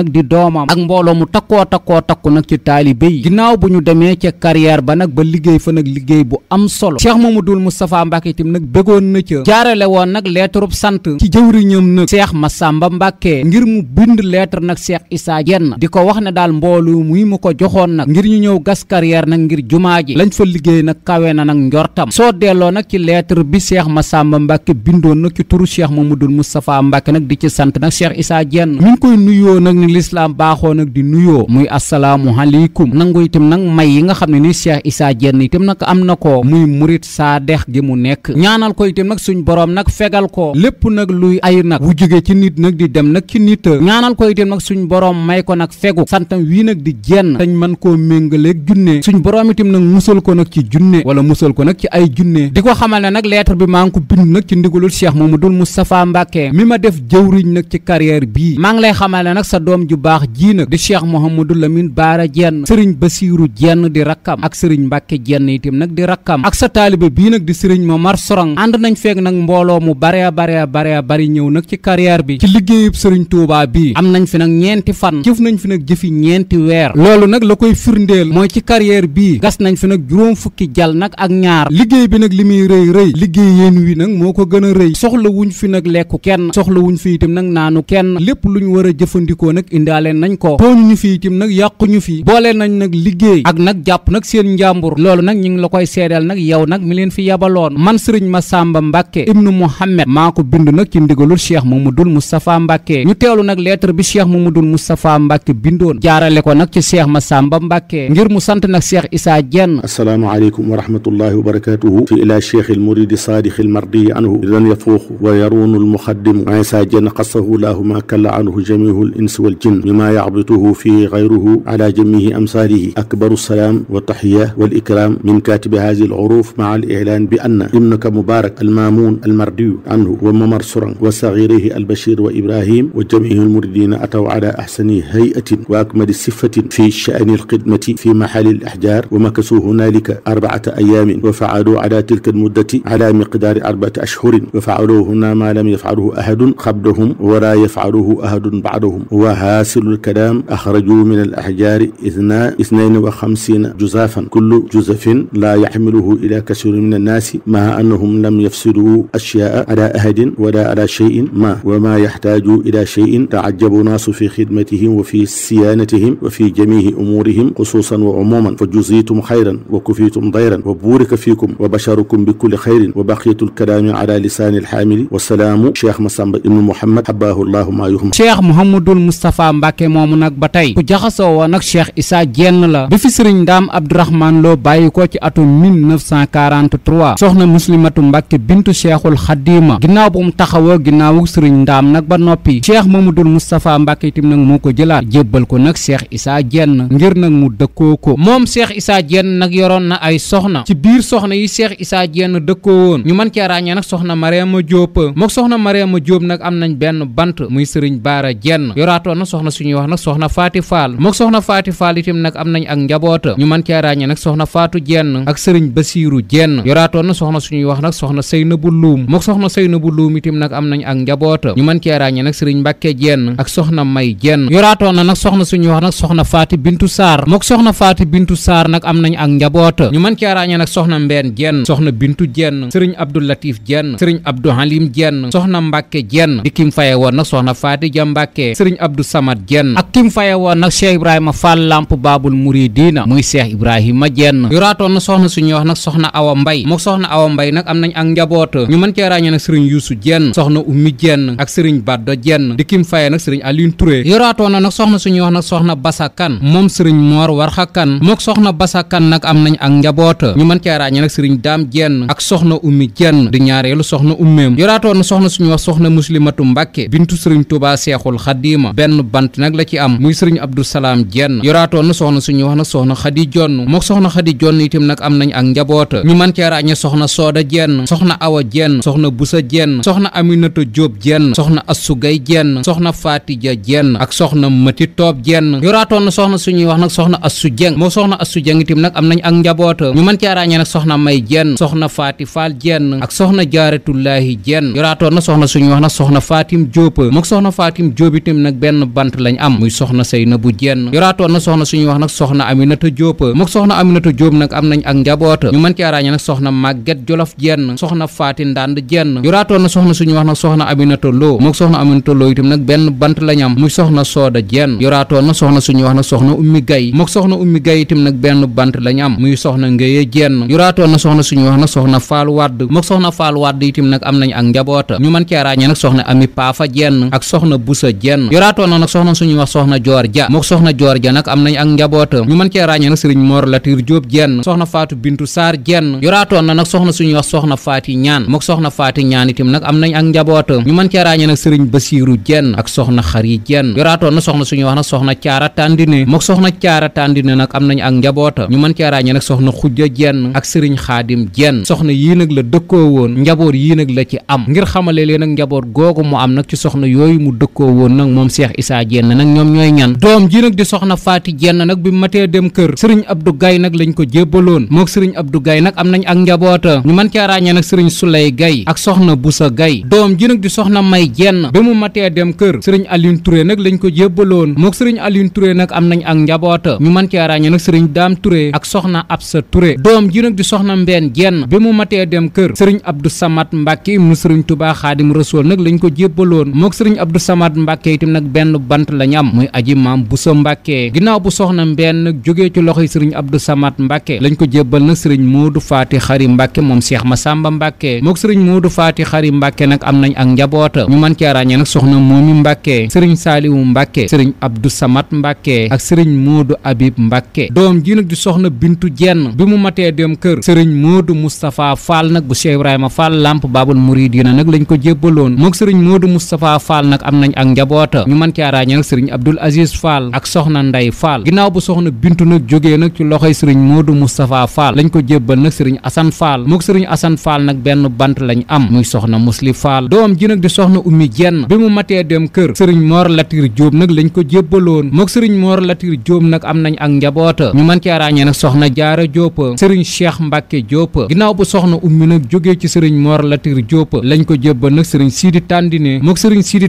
Speaker 1: di doomam ak mbooloo mbooloo mu takkoo takkoo takku nag ci taalibe yi ginnaaw bu ñu demee ca carrière ba nag ba liggéey fa nag liggéey bu am solo Cheikh Mamadou Moustapha Mbacke itam nag bëggoon na ca jaarale woon nag lettre sant ci jëwriñam nag Cheikh Massamba Mbacke ngir mu bind lettre nag Cheikh Issa Diène di ko wax ne daal mbooloo muy mu ko joxoon nag ngir ñu ñëw gas carrière nag ngir jumaa ji lañ fa liggéey nag kawe na nag njortam soo delloo nag ci lettre bi Cheikh Massamba Mbacke bindoon nag ci turu Cheikh Mamadou Moustapha Mbacke nag di ci sant nag Cheikh Issa Diène mi koy nuyoo nag ni lislaam baaxoo nag di nuyoo muy asalaamu aleykum nangu itam nag may yi nga xam ne ni Cheikh Issa Diène itam nag am na ko muy murit saa dex gi mu nekk ñaanal ko itam nag suñ borom nag fegal ko lépp nag luy ay nag wu jóge ci nit nag di dem nag ci nit ñaanal ko itam nag suñ borom may ko nag fegu santam wii nag di jenn dañ mën koo méngaleeg junne suñ borom itam nag musal ko nag ci junne wala musal ko nag ci ay junne di ko xamal ne nag lettre bi maa ngi ko bind nag ci ndigalul Cheikh Mamadou Moustapha Mbacké mi ma def jëwriñ nag ci carrière bii maa ngi lay xamal nag sa doom ju baax ji cheikh Mouhamadou Lamine Baara Jenn sëriñ Basiiru Jenn di rakkam ak sëriñ Mbàkke Jenn itam nag di rakkam ak sa taalibe bii nag di sëriñ Mamar Sorong ànd nañ feek nag mbooloo mu bare bare bare bari ñëw nag ci carrière bi ci liggéeyub sëriñ Touba bii am nañ fi nag ñeenti fan jëf nañ fi nag jëfi ñeenti weer loolu nag la koy firndeel mooy ci carrière bii gas nañ fi nag juróom fukki jal nag ak ñaar liggéey bi nag li muy rëy rëy liggéey yéen wi nag moo ko gën a rëy soxla wuñ fi nag lekku kenn soxla wuñ nag naanu kenn lépp lu ñu war jëfandikoo nag indaale nañ ñaawuñu ñu fii tim nag yàquñu fii boole nañ nag liggéey ak nag jàpp nag seen njàmbur loolu nag ñu ngi la koy seedeel nag yow nag mi leen fi yabaloon man sëriñ Masamba Mbàkke ibnu Muhammad maa ko bind nag ci ndigalul Cheikh Mamadul Moustapha Mbàkke ñu teewlu nag lettre bi Cheikh Mamadul Moustapha Mbàkke bindoon jaarale ko nag ci Cheikh Masamba Mbàkke ngir mu sant nag
Speaker 2: Cheikh Issa Diène assalaamu aleykum wa rahmatullahi wa barakatuhu fi ila cheikh almuridi saadiq almardi anhu lan yafuux wa yarunu almuxaddim Issa Diène xasahu laahu ma kalla anhu jamihu al insi wal jinn mima yaxbituhu له فيه غيره على جميع أمثاله أكبر السلام والتحية والإكرام من كاتب هذه العروف مع الإعلان بأن ابنك مبارك المامون المردي عنه وممر سرن وصغيره البشير وإبراهيم وجميع المريدين أتوا على أحسن هيئة وأكمل صفة في شأن الخدمة في محل الأحجار ومكثوا هنالك أربعة أيام وفعلوا على تلك المدة على مقدار أربعة أشهر وفعلوا هنا ما لم يفعله أحد قبلهم ولا يفعله أحد بعدهم وهاسل الكلام axraju min al axjaari isna isnayn wa xamsiina juzaafan kullu juzafin laa yaxmiluhu ila kasiru min annaasi maa annahum lam yafsiduu ashyaa ala ahadin wala ala cheyin ma wa maa yaxtaaju ila cheyin taajabu naasu fi xidmatihim wa fi siyaanatihim wa fi jamihi umuurihim xusuusan wa umuman fa juziitum xayran wa kufiitum dayran wa buurika fiikum wa basharukum bi kulli xayrin wa baqiyatul kalaami ala lisaani alxaamili wasalaamu cheikh Massamba ibnu Mouhamed xabaahu llahu maa yuhma
Speaker 1: cheikh Mouhamadul Moustapha Mbacke moomu nag ba tey ku jaxasoo woon ak Cheikh Issa jenn la bi fi sëriñ Ndaam Abdourahmane Lo bàyyi ko ci atum 1943 soxna muslimatu Mbàkke bintu Cheikhul Xadima ginnaaw bu mu taxawoo ginnaawu sëriñ Ndaam nag ba noppi Cheikh Mamadul Moustapha Mbàkke itam nag moo ko jëlaat jébbal ko nag Cheikh Issa Diène ngir nag mu dëkkoo ko moom seex Issa Diène nag yoroon na ay soxna ci biir soxna yi seex Issa jenn dëkkoo woon ñu man cee ràññee nag soxna Mariama Diop mook soxna Mariama Diop nag am nañ benn bant muy sëriñ Baara Diène yoraatoon na Faati Faal mook soxna Faati Faal itam nag am nañ ak njaboota ñu mën cee ràññee nag soxna Faatu Jenn ak sëriñ Basiiru Jenn yoraatoon na soxna suñuy wax nag soxna Seynabu Luum mook soxna Seynabu Luum itam nag am nañ ak njaboota ñu mën cee ràññee nag sëriñ Mbàkke Jenn ak soxna May Jenn yoraatoon na nag soxna suñuy wax nag soxna Faati Bintu Saar mook soxna Faati Bintu Saar nag am nañu ak njaboota ñu mën cee ràññee nag soxna Mbeen Jenn soxna Bintu Jenn sëriñ Abdou Latif Jenn sëriñ Abdou Halim Jenn soxna Mbàkke Jenn di faye woon nag soxna Faati Ja Mbàkke sëriñ Abdou Samad Jenn ak kim faye woon nag cheikh ibrahima fall làmp baabul muridina muy cheikh ibrahima jenn yoraatoon na soxna suñuy wax nag soxna awa mbay mook soxna awa mbay nag am nañ ak njaboot ñu mën cee ràññee nag sëriñ yuusu jenn soxna ummi jenn ak sëriñ baddo jenn di kim faye nag sëriñ Alioune Touré yoraatoon na nag soxna suñuy wax nag soxna basa kan moom sëriñ moor warxa kan mook soxna basa kan nag am nañ ak njaboot ñu mën cee ràññee nag sëriñ daam jenn ak soxna ummi jenn di ñaareelu soxna ummeem yoraatoon na soxna suñu wax soxna muslimatu mbàkke bintu sëriñ tuba seexul xadima benn bant nag la ci am muy sëriñ Abdou Salaam Jenn yoraatoon na soxna suñu wax nag soxna Xadi Jonn mook soxna Xadi Jonn itam nag am nañ ak njaboota ñu cee ràññe soxna Sooda Jenn soxna Awa Jenn soxna Busa Jenn soxna Aminata Jóob Jenn soxna Assugay Jenn soxna Fatija Jenn ak soxna Mati Toob Jenn yoraatoon na soxna suñuy wax nag soxna Assu Jeng moo soxna Assu Jeng itam nag am nañ ak njaboota ñu mën cee ràññe nag soxna May Jenn soxna Faati Faal Jenn ak soxna Jaaratullaahi Jenn yoraatoon na soxna suñuy wax nag soxna Fatim Jóob mook soxna faatim Jóob itam nag benn bant lañ am muy soxna soxna Seynabou Diène yoraatoon na soxna suñuy wax nag soxna Aminata Diop mook soxna Aminata Diop nag am nañ ak njaboota ñu mën cee ràññee nag soxna Maguette Jolof Diène soxna Faati Ndand Diène yoraatoon na soxna wax nag soxna Aminata Lo mook soxna Aminata Lo itam nag benn bant lañ am muy soxna Sooda Diène yoraatoon na soxna suñu wax nag soxna Ummi Gay mook soxna Ummi Gay itam nag benn bant lañ am muy soxna Ngéye Diène yoraatoon na soxna suñuy wax nag soxna Faal Wadd mook soxna Faal Wadd itam nag am nañ ak njaboota ñu mën cee ràññee nag soxna Ami Paafa Diène ak soxna Busa Diène yoraatoon nag soxna suñuy wax soxna Joor Ja mook soxna Joor Ja nag am nañ ak njaboota ñu mën cee ràññee nag sëriñ Mor Latir Jóob jenn soxna Faatu Bintu Saar jenn yoraatoon na nag soxna suñuy wax soxna Faati Ñaan mook soxna Faati Ñaan itam nag am nañ ak njaboota ñu mën cee ràññee nag sëriñ Basiiru jenn ak soxna Xari jenn yoraatoon na soxna suñuy wax nag soxna Caara Tàndine mook soxna Caara Tàndine nag am nañ ak njaboota ñu man cee ràññee nag soxna Xujja jenn ak sëriñ Xaadim jenn soxna yii nag la dëkkoo woon njaboot yii nag la ci am ngir xamale leen nag njaboot googu mu am nag ci soxna yooyu mu dëkkoo woon nag moom Seex Isaa Jenn nag ñoom ñooy ñan doom ji nag di soxna faati jenn nag bi matee dem kër sëriñ Abdou Gaye nag lañ ko jébbaloon mook sëriñ Abdou Gaye nag am nañ ak njaboota ñu mën caa ràññee nag sëriñ Souley Gaye ak soxna Boussa Gaye doom ji nag di may jenn bi mu matee dem kër sëriñ Alioune Touré nag lañ ko jébbaloon mook sëriñ Alioune Touré nag am nañ ak njaboota ñu mën caa ràññee nag sëriñ Dame Touré ak soxna Absa Touré doom ji nag di soxna jenn bi mu matee dem kër sëriñ Abdou Samad Mbacke mu sëriñ Touba Xaadim Rasool nag lañ ko jébbaloon mook sëriñ Abdou Samad Mbacke itam nag benn bant lañ am muy aji maam Bousso Mbacke ginnaaw bu soxna mbenn jógee ci loxoy sëriñ Abdou Samad Mbacke lañ ko jébbal nag sëriñ Modou Faty Khary Mbacke moom Cheikh Massamba Mbacke mook sëriñ Modou Faty Khary Mbacke nag am nañ ak njaboota ñu mën cee ràññee nag soxna Momi Mbacke sëriñ Saliou Mbacke sëriñ Abdou Samad Mbacke ak sëriñ Modou Habib Mbacke doom ji nag di soxna Bintu Jenn bi mu matee dem kër sëriñ Modou Moustapha Fall nag bu Cheikh Ibrahima Fall Lamp Babul Mouridina nag lañ ko jébbaloon mook sëriñ Modou Moustapha Fall nag am nañ ak njaboota ñu mën cee ràññee nag sëriñ Abdoul Aziz Aziz Fall ak soxna Ndey Fall ginnaaw bu soxna Bintu nag jógee nag ci loxoy sëriñ Modou Moustapha Fall lañ ko jébbal nag sëriñ Assane Fall mook sëriñ Assane Fall nag benn bant lañ am muy soxna Musli Fall doom ji nag di soxna Ummi Jenn bi mu matee dem kër sëriñ Mor Latir Diop nag lañ ko jébbaloon mook sëriñ Mor Latir Diop nag am nañ ak njaboota ñu mën cee ràññee nag soxna Jaara Diop sëriñ Cheikh Mbacke Diop ginnaaw bu soxna Ummi nag jógee ci sëriñ Mor Latir Diop lañ ko jébbal nag sëriñ Sidi Tandine mook sëriñ Sidi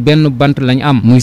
Speaker 1: benn bant lañ am muy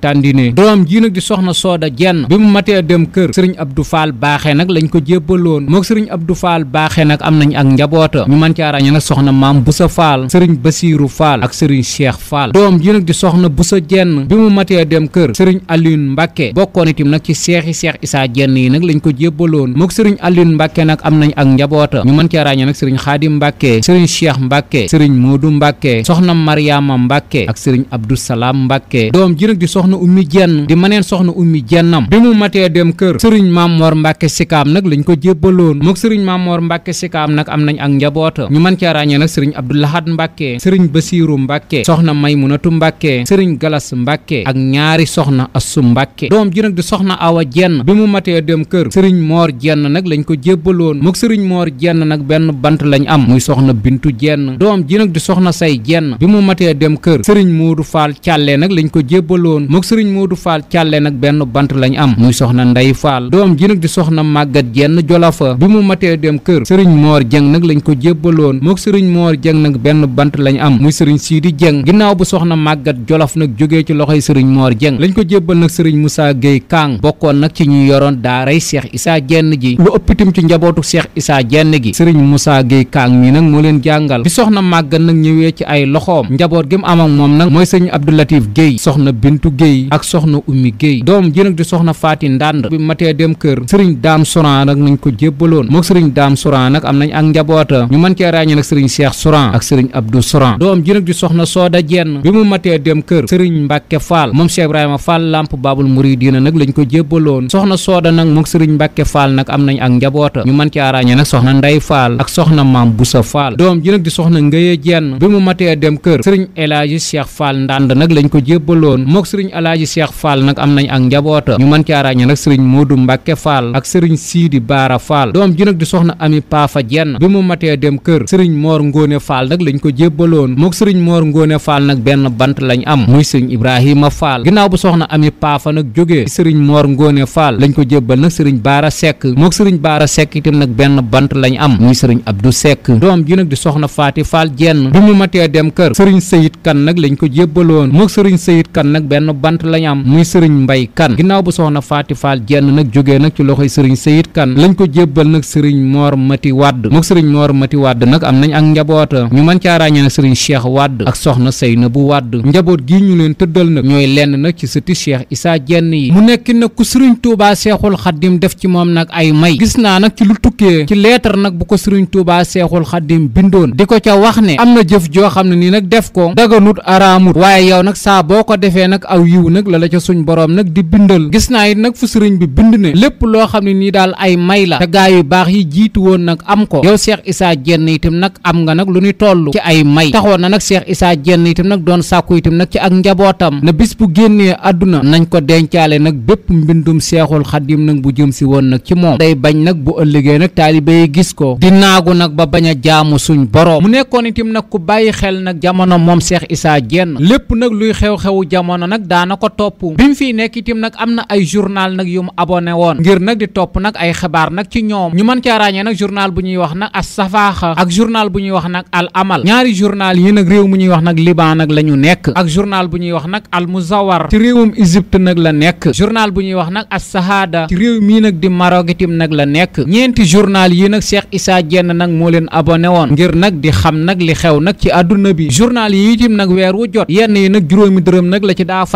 Speaker 1: tàndine doom ji nag di soxna sooda jenn bi mu matee dem kër sëriñ Abdou faal baaxee nag lañ ko jébbaloon moog sëriñ Abdou Fall baaxee nag am nañ ak njaboota ñu man caa ràññee nag soxna maam Boussa Fall sëriñ Basiiru Fall ak sëriñ Cheikh Fall doom ji nag di soxna Boussa jenn bi mu matee dem kër sëriñ Alioune Mbacke bokkoon itam nag seexi Cheikh Issa jenn yi nag lañ ko jébbaloon moog sëriñ Alioune Mbacke nag am nañ ak njaboota ñu mën caa ràññee nag sëriñ Xaadim Mbacke sëriñ Cheikh Mbacke sëriñ Moodu Mbacke soxna Mariama Mbacke ak sëriñ Abdou Salam Mbacke doom ji nag di soxna soxna ummi jenn di maneen soxna ummi jennam bi mu matee dem kër sëriñ Mamor Mbacke Sikaam nag lañ ko jébbaloon mook sëriñ Mamor Mbacke Sikaam nag am nañ ak njaboota ñu mën cee ràññee nag sëriñ Abdou Lahad Mbacke sëriñ Basiiru Mbacke soxna Maymunatu Mbacke sëriñ Galas Mbacke ak ñaari soxna Assu Mbacke doom ji nag di soxna Awa jenn bi mu matee dem kër sëriñ Moor jenn nag lañ ko jébbaloon mook sëriñ Moor jenn nag benn bant lañ am muy soxna Bintu jenn doom ji nag di soxna Say jenn bi mu matee dem kër sëriñ Moodu Faal Càlle nag lañ ko jébbaloon woon mook sëriñ Modou Fall Càlle nag benn bant lañu am muy soxna Ndey Fall doom ji nag di soxna màggat jenn jolafa bi mu matee dem kër sëriñ Moor Jeng nag lañ ko jébbaloon mook sëriñ Moor Jeng nag benn bant lañu am muy sëriñ Siidi Jeng ginnaaw bu soxna màggat jolof nag jógee ci loxoy sëriñ Moor Jeng lañ ko jébbal nag sëriñ Moussa Gueye Kang bokkoon nag ci ñu yoroon daaray Cheikh isaa Jenn ji lu ëpp itam ci njabootu Cheikh Issa Jenn gi sëriñ Moussa Gueye Kang mi nag moo leen jàngal bi soxna màggat nag ñëwee ci ay loxoom njaboot gi mu am ak mooy sëriñ Abdoulatif Gueye soxna Bintu Guèye ak soxna Oumy doom ji nag di soxna Faati Ndànd bi matee dem kër sëriñ Daam Soran nag nañ ko jébbaloon mook sëriñ Daam Soran nag am nañ ak njaboota ñu man cee ràññee nag sëriñ Cheikh Soran ak sëriñ Abdou Soran doom ji nag di soxna Sooda Jenn bi mu matee dem kër sëriñ Mbàkke Fall moom Cheikh Ibrahima Fall Lamp Baabul Muridiina nag lañ ko jébbaloon soxna Sooda nag mook sëriñ Mbàkke Fall nag am nañ ak njaboota ñu mën cee ràññee nag soxna Ndey Fall ak soxna Maam Busa Fall doom ji nag di soxna Ngëye Jenn bi mu matee dem kër sëriñ Elaaji Cheikh Fall Ndànd nag lañ ko jébbaloon mook sëriñ sëriñ alaaji Cheikh Fall nag am nañ ak njaboota ñu mën caa ràññee nag sëriñ Modou Mbacke Fall ak sëriñ Siidi Baara Fall doom ji nag di soxna Ami Paafa Jenn bi mu matee dem kër sëriñ moor ngoone Fall nag lañ ko jébbaloon mook sëriñ Mor Ngóone Fall nag benn bant lañ am muy sëriñ Ibrahima Fall ginnaaw bu soxna Ami Paafa nag jógee sëriñ moor ngoone Fall lañ ko jébbal nag sëriñ Baara Seck mook sëriñ Baara Seck itam nag benn bant lañ am muy sëriñ Abdou Seck doom ji nag di soxna Faati Fall Jenn bi mu matee dem kër ko bant lañ am muy sëriñ mbay kan ginnaaw bu soxna faati faal jenn nag jógee nag ci loxoy sëriñ sëyit kan lañ ko jébbal nag sëriñ moor mati wadd mook sëriñ moor mati wadd nag am nañ ak njaboota ñu mën caa ràññee nag sëriñ cheikh wadd ak soxna na bu wadd njaboot gii ñu leen tëddal nag ñooy lenn nag ci sëti cheikh isaa jenn yi mu nekk nag ku sëriñ tuubaa seexul xaddim def ci moom nag ay may gis naa nag ci lu tukkee ci leetar nag bu ko sëriñ tuubaa seexul xaddim bindoon di ko ca wax ne am joo xam ne ni nag aw yiw nag la la ca suñ boroom nag di bindal gis bi bind ne loo xam ne nii daal ay may la te gaa yu baax yi jiitu woon nag am ko yow Cheikh Issa Diène itam nag am nga nag lu ñu toll ci ay may taxoon na nag Cheikh Issa Diène itam nag doon sàkku itam nag ci ak njabootam na bis bu génnee àdduna nañ ko dencaale nag bépp mbindum Seexul Xadim nag bu jëm si woon nag ci moom day bañ nag bu ëllëgee nag taalibe yi gis ko di naagu nag ba bañ a jaamu suñ boroom mu nekkoon itam nag ku bàyyi xel nag jamono moom Cheikh Issa Diène lépp nag luy xew-xewu jamono nag daana ko topp bi mu fiy nekk itam nag am na ay journal nag yu mu abonné woon ngir nag di topp nag ay xibaar nag ci ñoom ñu mën caa ràññee nag journal bu ñuy wax nag as safaaxa ak journal bu ñuy wax nag al amal ñaari journal yi nag réew mu ñuy wax nag liban nag la ñu nekk ak journal bu ñuy wax nag al muzawar ci réewum Égypte nag la nekk journal bu ñuy wax nag as sahada ci réew mii nag di Maroc itam nag la nekk ñeenti journal yi nag seex Issa jenn nag moo leen abonné woon ngir nag di xam nag li xew nag ci àdduna bi journal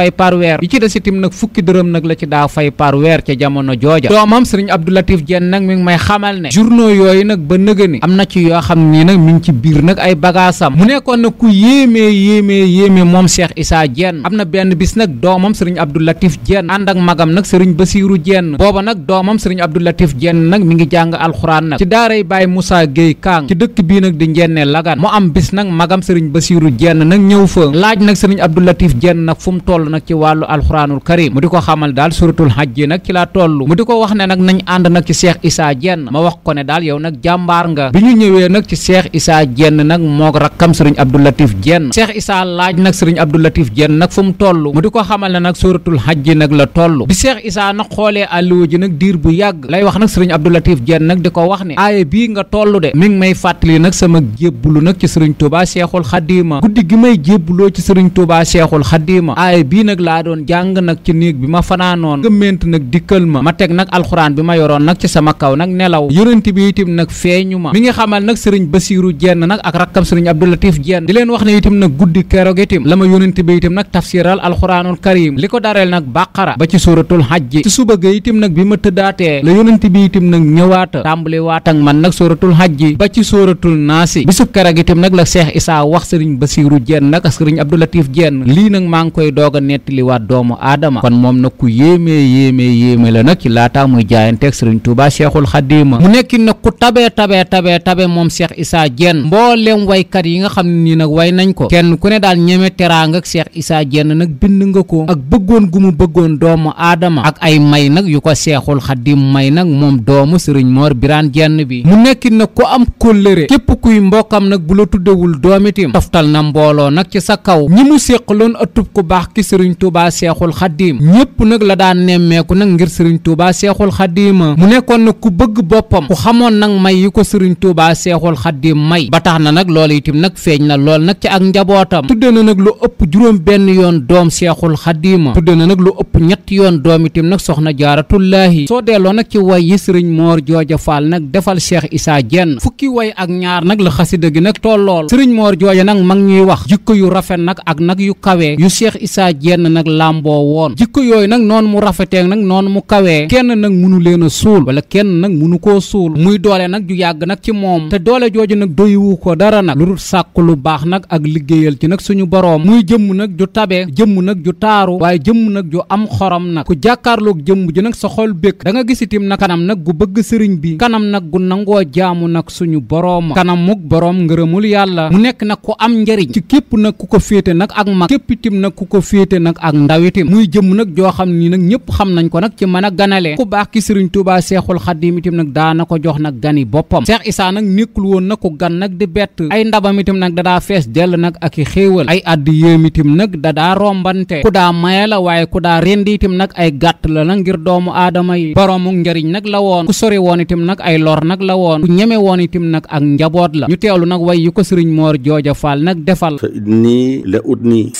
Speaker 1: fay par weer yi ci des itam nag fukki dërëm nag la ci daa fay par weer ca jamono jooja doomam sëriñ Abdou Latif Diène nag mi ngi may xamal ne journaux yooyu nag ba nëgëni am na ci yoo xam nii nag mi ngi ci biir nag ay bagaasam mu nekkoon nag ku yéemee yéemee yéemee moom Cheikh Issa Diène am na benn bis nag doomam sëriñ Abdou Latif Diène ànd ak magam nag sëriñ Basiiru Diène booba nag doomam sëriñ Abdou Latif Diène nag mi ngi jàng alxuraan nag ci daaray Baye Moussa Gueye Kang ci dëkk bii nag di Njenne Lagan mu am bis nag magam sëriñ Basiiru Diène nag ñëw laaj nag ci wàllu alxuraanul karim mu di ko xamal daal suratul hajj nag ci laa toll mu di ko wax ne nag nañ ànd nag ci Cheikh Issa Diène ma wax ko ne daal yow nag jàmbaar nga bi ñu ñëwee nag ci Cheikh Issa Diène nag moog rakkam sëriñ Abdou Latif Diène Cheikh Issa laaj nag sëriñ Abdou Latif Diène nag fu mu toll mu di ko xamal na nag suratul hajj nag la toll bi Cheikh Issa nag xoolee àlluwa ji nag diir bu yàgg lay wax nag sëriñ Abdou Latif Diène nag di ko wax ne aaye bii nga toll de mi may fàttali nag sama jébbulu nag ci sëriñ Touba Cheikhul Xadima guddi bii nag laa doon jàng nag ci néeg bi ma fanaanoon gëmment nag dikkal ma ma teg nag alxuraan bi ma yoroon nag ci sama kaw nag nelaw yonent bi itam nag feeñu ma mi ngi xamal nag sëriñ Basiiru Jenn nag ak rakkam sëriñ Abdulatif Jenn di leen wax ne itam nag guddi keroog itam la ma yonent bi itam nag tafsiral alxuraanul karim li ko dareel nag bàqara ba ci suuratul hajji ci suba ga itam nag bi ma tëddaatee la yonent bi itam nag ñëwaata tàmbali waat man nag suuratul hajji ba ci suuratul naasi bisub keroog itam nag la Seex Isaa wax sëriñ Basiiru Jenn nag ak sëriñ Abdulatif Jenn lii nag nettaliwaat doomu aadama kon moom nag ku yéemee yéemee yéeme la nag ci laataa muy jaayanteeg sëriñ Tuuba Cheikhul Xadim mu nekkin nag ku tabee tabee tabee tabe moom Cheikh Issa Diène mbooleem waykat yi nga xam ne nii nag way nañ ko kenn ku ne daal ñeme teraanga ak Cheikh Issa jenn nag bind nga ko ak bëggoon gu mu bëggoon doomu aadama ak ay may nag yu ko Cheikhul Xadim may nag moom doomu sëriñ Mor Birane Diène bi mu nekkin nag ku am kóllëre képp kuy mbokkam nag bu la tuddewul na mbooloo sëriñ Touba Seexul Xaddiim ñépp nag la daan nemmeeku nag ngir sëriñ Touba Seexul Xaddiim mu nekkoon nag ku bëgg boppam ku xamoon nag may yi ko sëriñ Touba Seexul Xaddiim may ba na nag loolu itam nag feeñ na lool nag ci ak njabootam tudde na nag lu ëpp juróom benn yoon doom Seexul Xaddiim tudde na nag lu ëpp ñett yoon doom itam nag soxna jaaratullaahi soo delloo nag ci way yi sëriñ Moor Jooja Faal nag defal Cheikh Issa jenn fukki way ak ñaar nag la xasida gi nag tollool sëriñ Moor Jooja nag mag wax jikko yu rafet nag ak nag yu yenn nag làmboo woon jikko yooyu nag noonu mu rafetee nag noonu mu kawee kenn nag munu leen a suul wala kenn nag munu koo suul muy doole nag ju yàgg nag ci moom te doole jooju nag doyuwu ko dara nag lu dul sàkk baax nag ak liggéeyal ci nag suñu boroom muy jëmm nag ju tabe jëmm nag ju taaru waaye jëmm nag ju am xorom nag ku jàkkaarloog jëmm ji nag sa xol békk da nga gis itim nag kanam nag gu bëgg sëriñ bi kanam nag gu nangoo jaamu nag suñu borooma kanamuk boroom ngërëmul yàlla mu nekk nag ku am njariñ ci képp nag ku ko féete nag ak mag képp itim nag ku ko féete diggante nag ak ndawitim muy jëm nag joo xam ni nag ñëpp xam nañ ko nag ci mën a ganale ku baax ki sëriñ Tuubaa Seexul Xadiim itam nag daana ko jox nag gani boppam Seex Isaa nag nekkul woon na ko gan nag di bett ay ndabam itam nag dadaa fees dell nag ak i xéewal ay àdd yéem itam nag dadaa rombante ku daa maye la waaye ku daa rendi itam nag ay gàtt la la ngir doomu aadama yi boroomu njëriñ nag la woon ku sori woon itam nag ay lor nag la woon ku ñeme woon itam nag ak la ñu teewlu nag way yu ko sëriñ Moor Jooja Faal nag defal fa
Speaker 2: la udni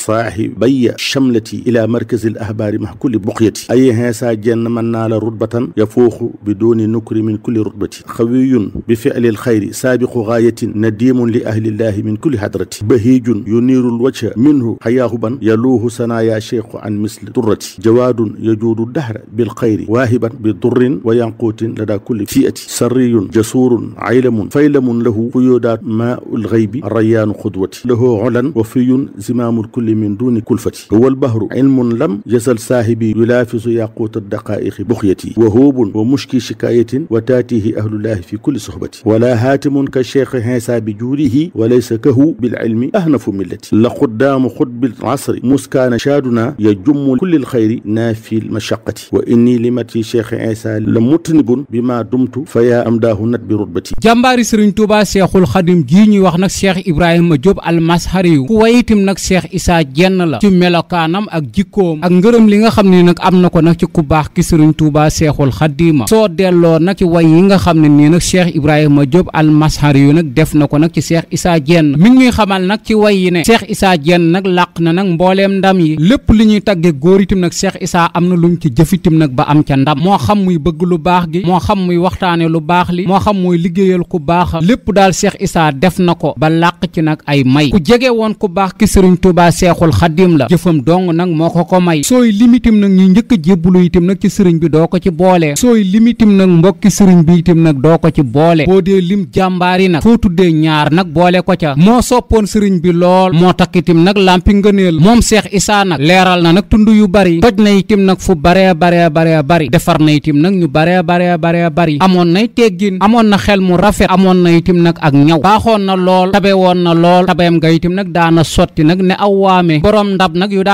Speaker 2: hamlati ila markazi l ahbaari max kulli buqyati ay xeesa jenn mën naa la rutbatan yafooxu bi dooni nukri min kulli rutbati xawiyun bi filil xayri saabiqu gaayatin nadimun li ahlillahi min kulli hadrati bahiijun yuniirul wajha minhu xayaahuban yaluuhu sanaaya cheikhu an misli turrati jawaadun yajuudu dahra bil xayri waahiban bi durrin wa yanquutin lada kulli fiati sarriyun jasuurun aylamun faylamun lahu fuyoodaat maa'ul xaybi rayaanu xudwati lahu olan wa fiyun zimaamul kulli min duuni kulfati bahru ilmun lam jasal saahibi yulaafisu yaquuta daqaa'iqi buxyati wa huubun wa mushki shikaayatin wa taatihi ahlullaahi fi kulli sohbati wala haatimun ka cheikh hinsa bi juudihi wa laysa kahu bil ilmi ahnafu millati la quddaamu xutbil asri muskaana shaaduna ya jummu kullil xayri naafil mashaqati wa inni limati cheikh hinsa la mutanibun bi maa dumtu fa yaa amdaahu nat bi rutbati
Speaker 1: jàmbaari sëriñ Tuubaa Seexul Xadim gii ñuy wax nag cheikh Ibrahima Diop almashari yu ku wayitim nag cheikh Isaa jenn la ci melokaan melokaanam ak jikkoom ak ngërëm li nga xam ne nag am na ko nag ci ku baax ki sëriñ Tuubaa Seexul Xadiima soo delloo nag ci way yi nga xam ne nii nag Cheikh Ibrahima Diop almashari yu nag def na ko nag ci Cheikh Issa jenn mi ngi ñuy xamal nag ci way yi ne seex Issa Diène nag làq na nag mbooleem ndam yi lépp li ñuy tagge góor itam nag Cheikh Issa am na lu mu ci jëfitam nag ba am ca ndam moo xam muy bëgg lu baax gi moo xam muy waxtaane lu baax li moo xam muy liggéeyal ku baax lépp daal Cheikh Issa def na ko ba làq ci nag ay may ku dong nag moo ko ko may sooy limitim nag ñu njëkk a jébbalu itam nag ci sëriñ bi doo ko ci boole sooy limitim nag mbokki sëriñ bi itam nag doo ko ci boole boo dee lim jàmbaari nag foo tuddee ñaar nag boole ko ca moo soppoon sëriñ bi lool moo takk itam nag lampi ngëneel moom seex Issa nag leeral na nag tund yu bari toj na itam nag fu baree bare bare bari defar na itam nag ñu baree baree bare bari amoon nay teggin amoon na xel mu rafet amoon na itam nag ak ñaw na lool tabe na lool tabeem nag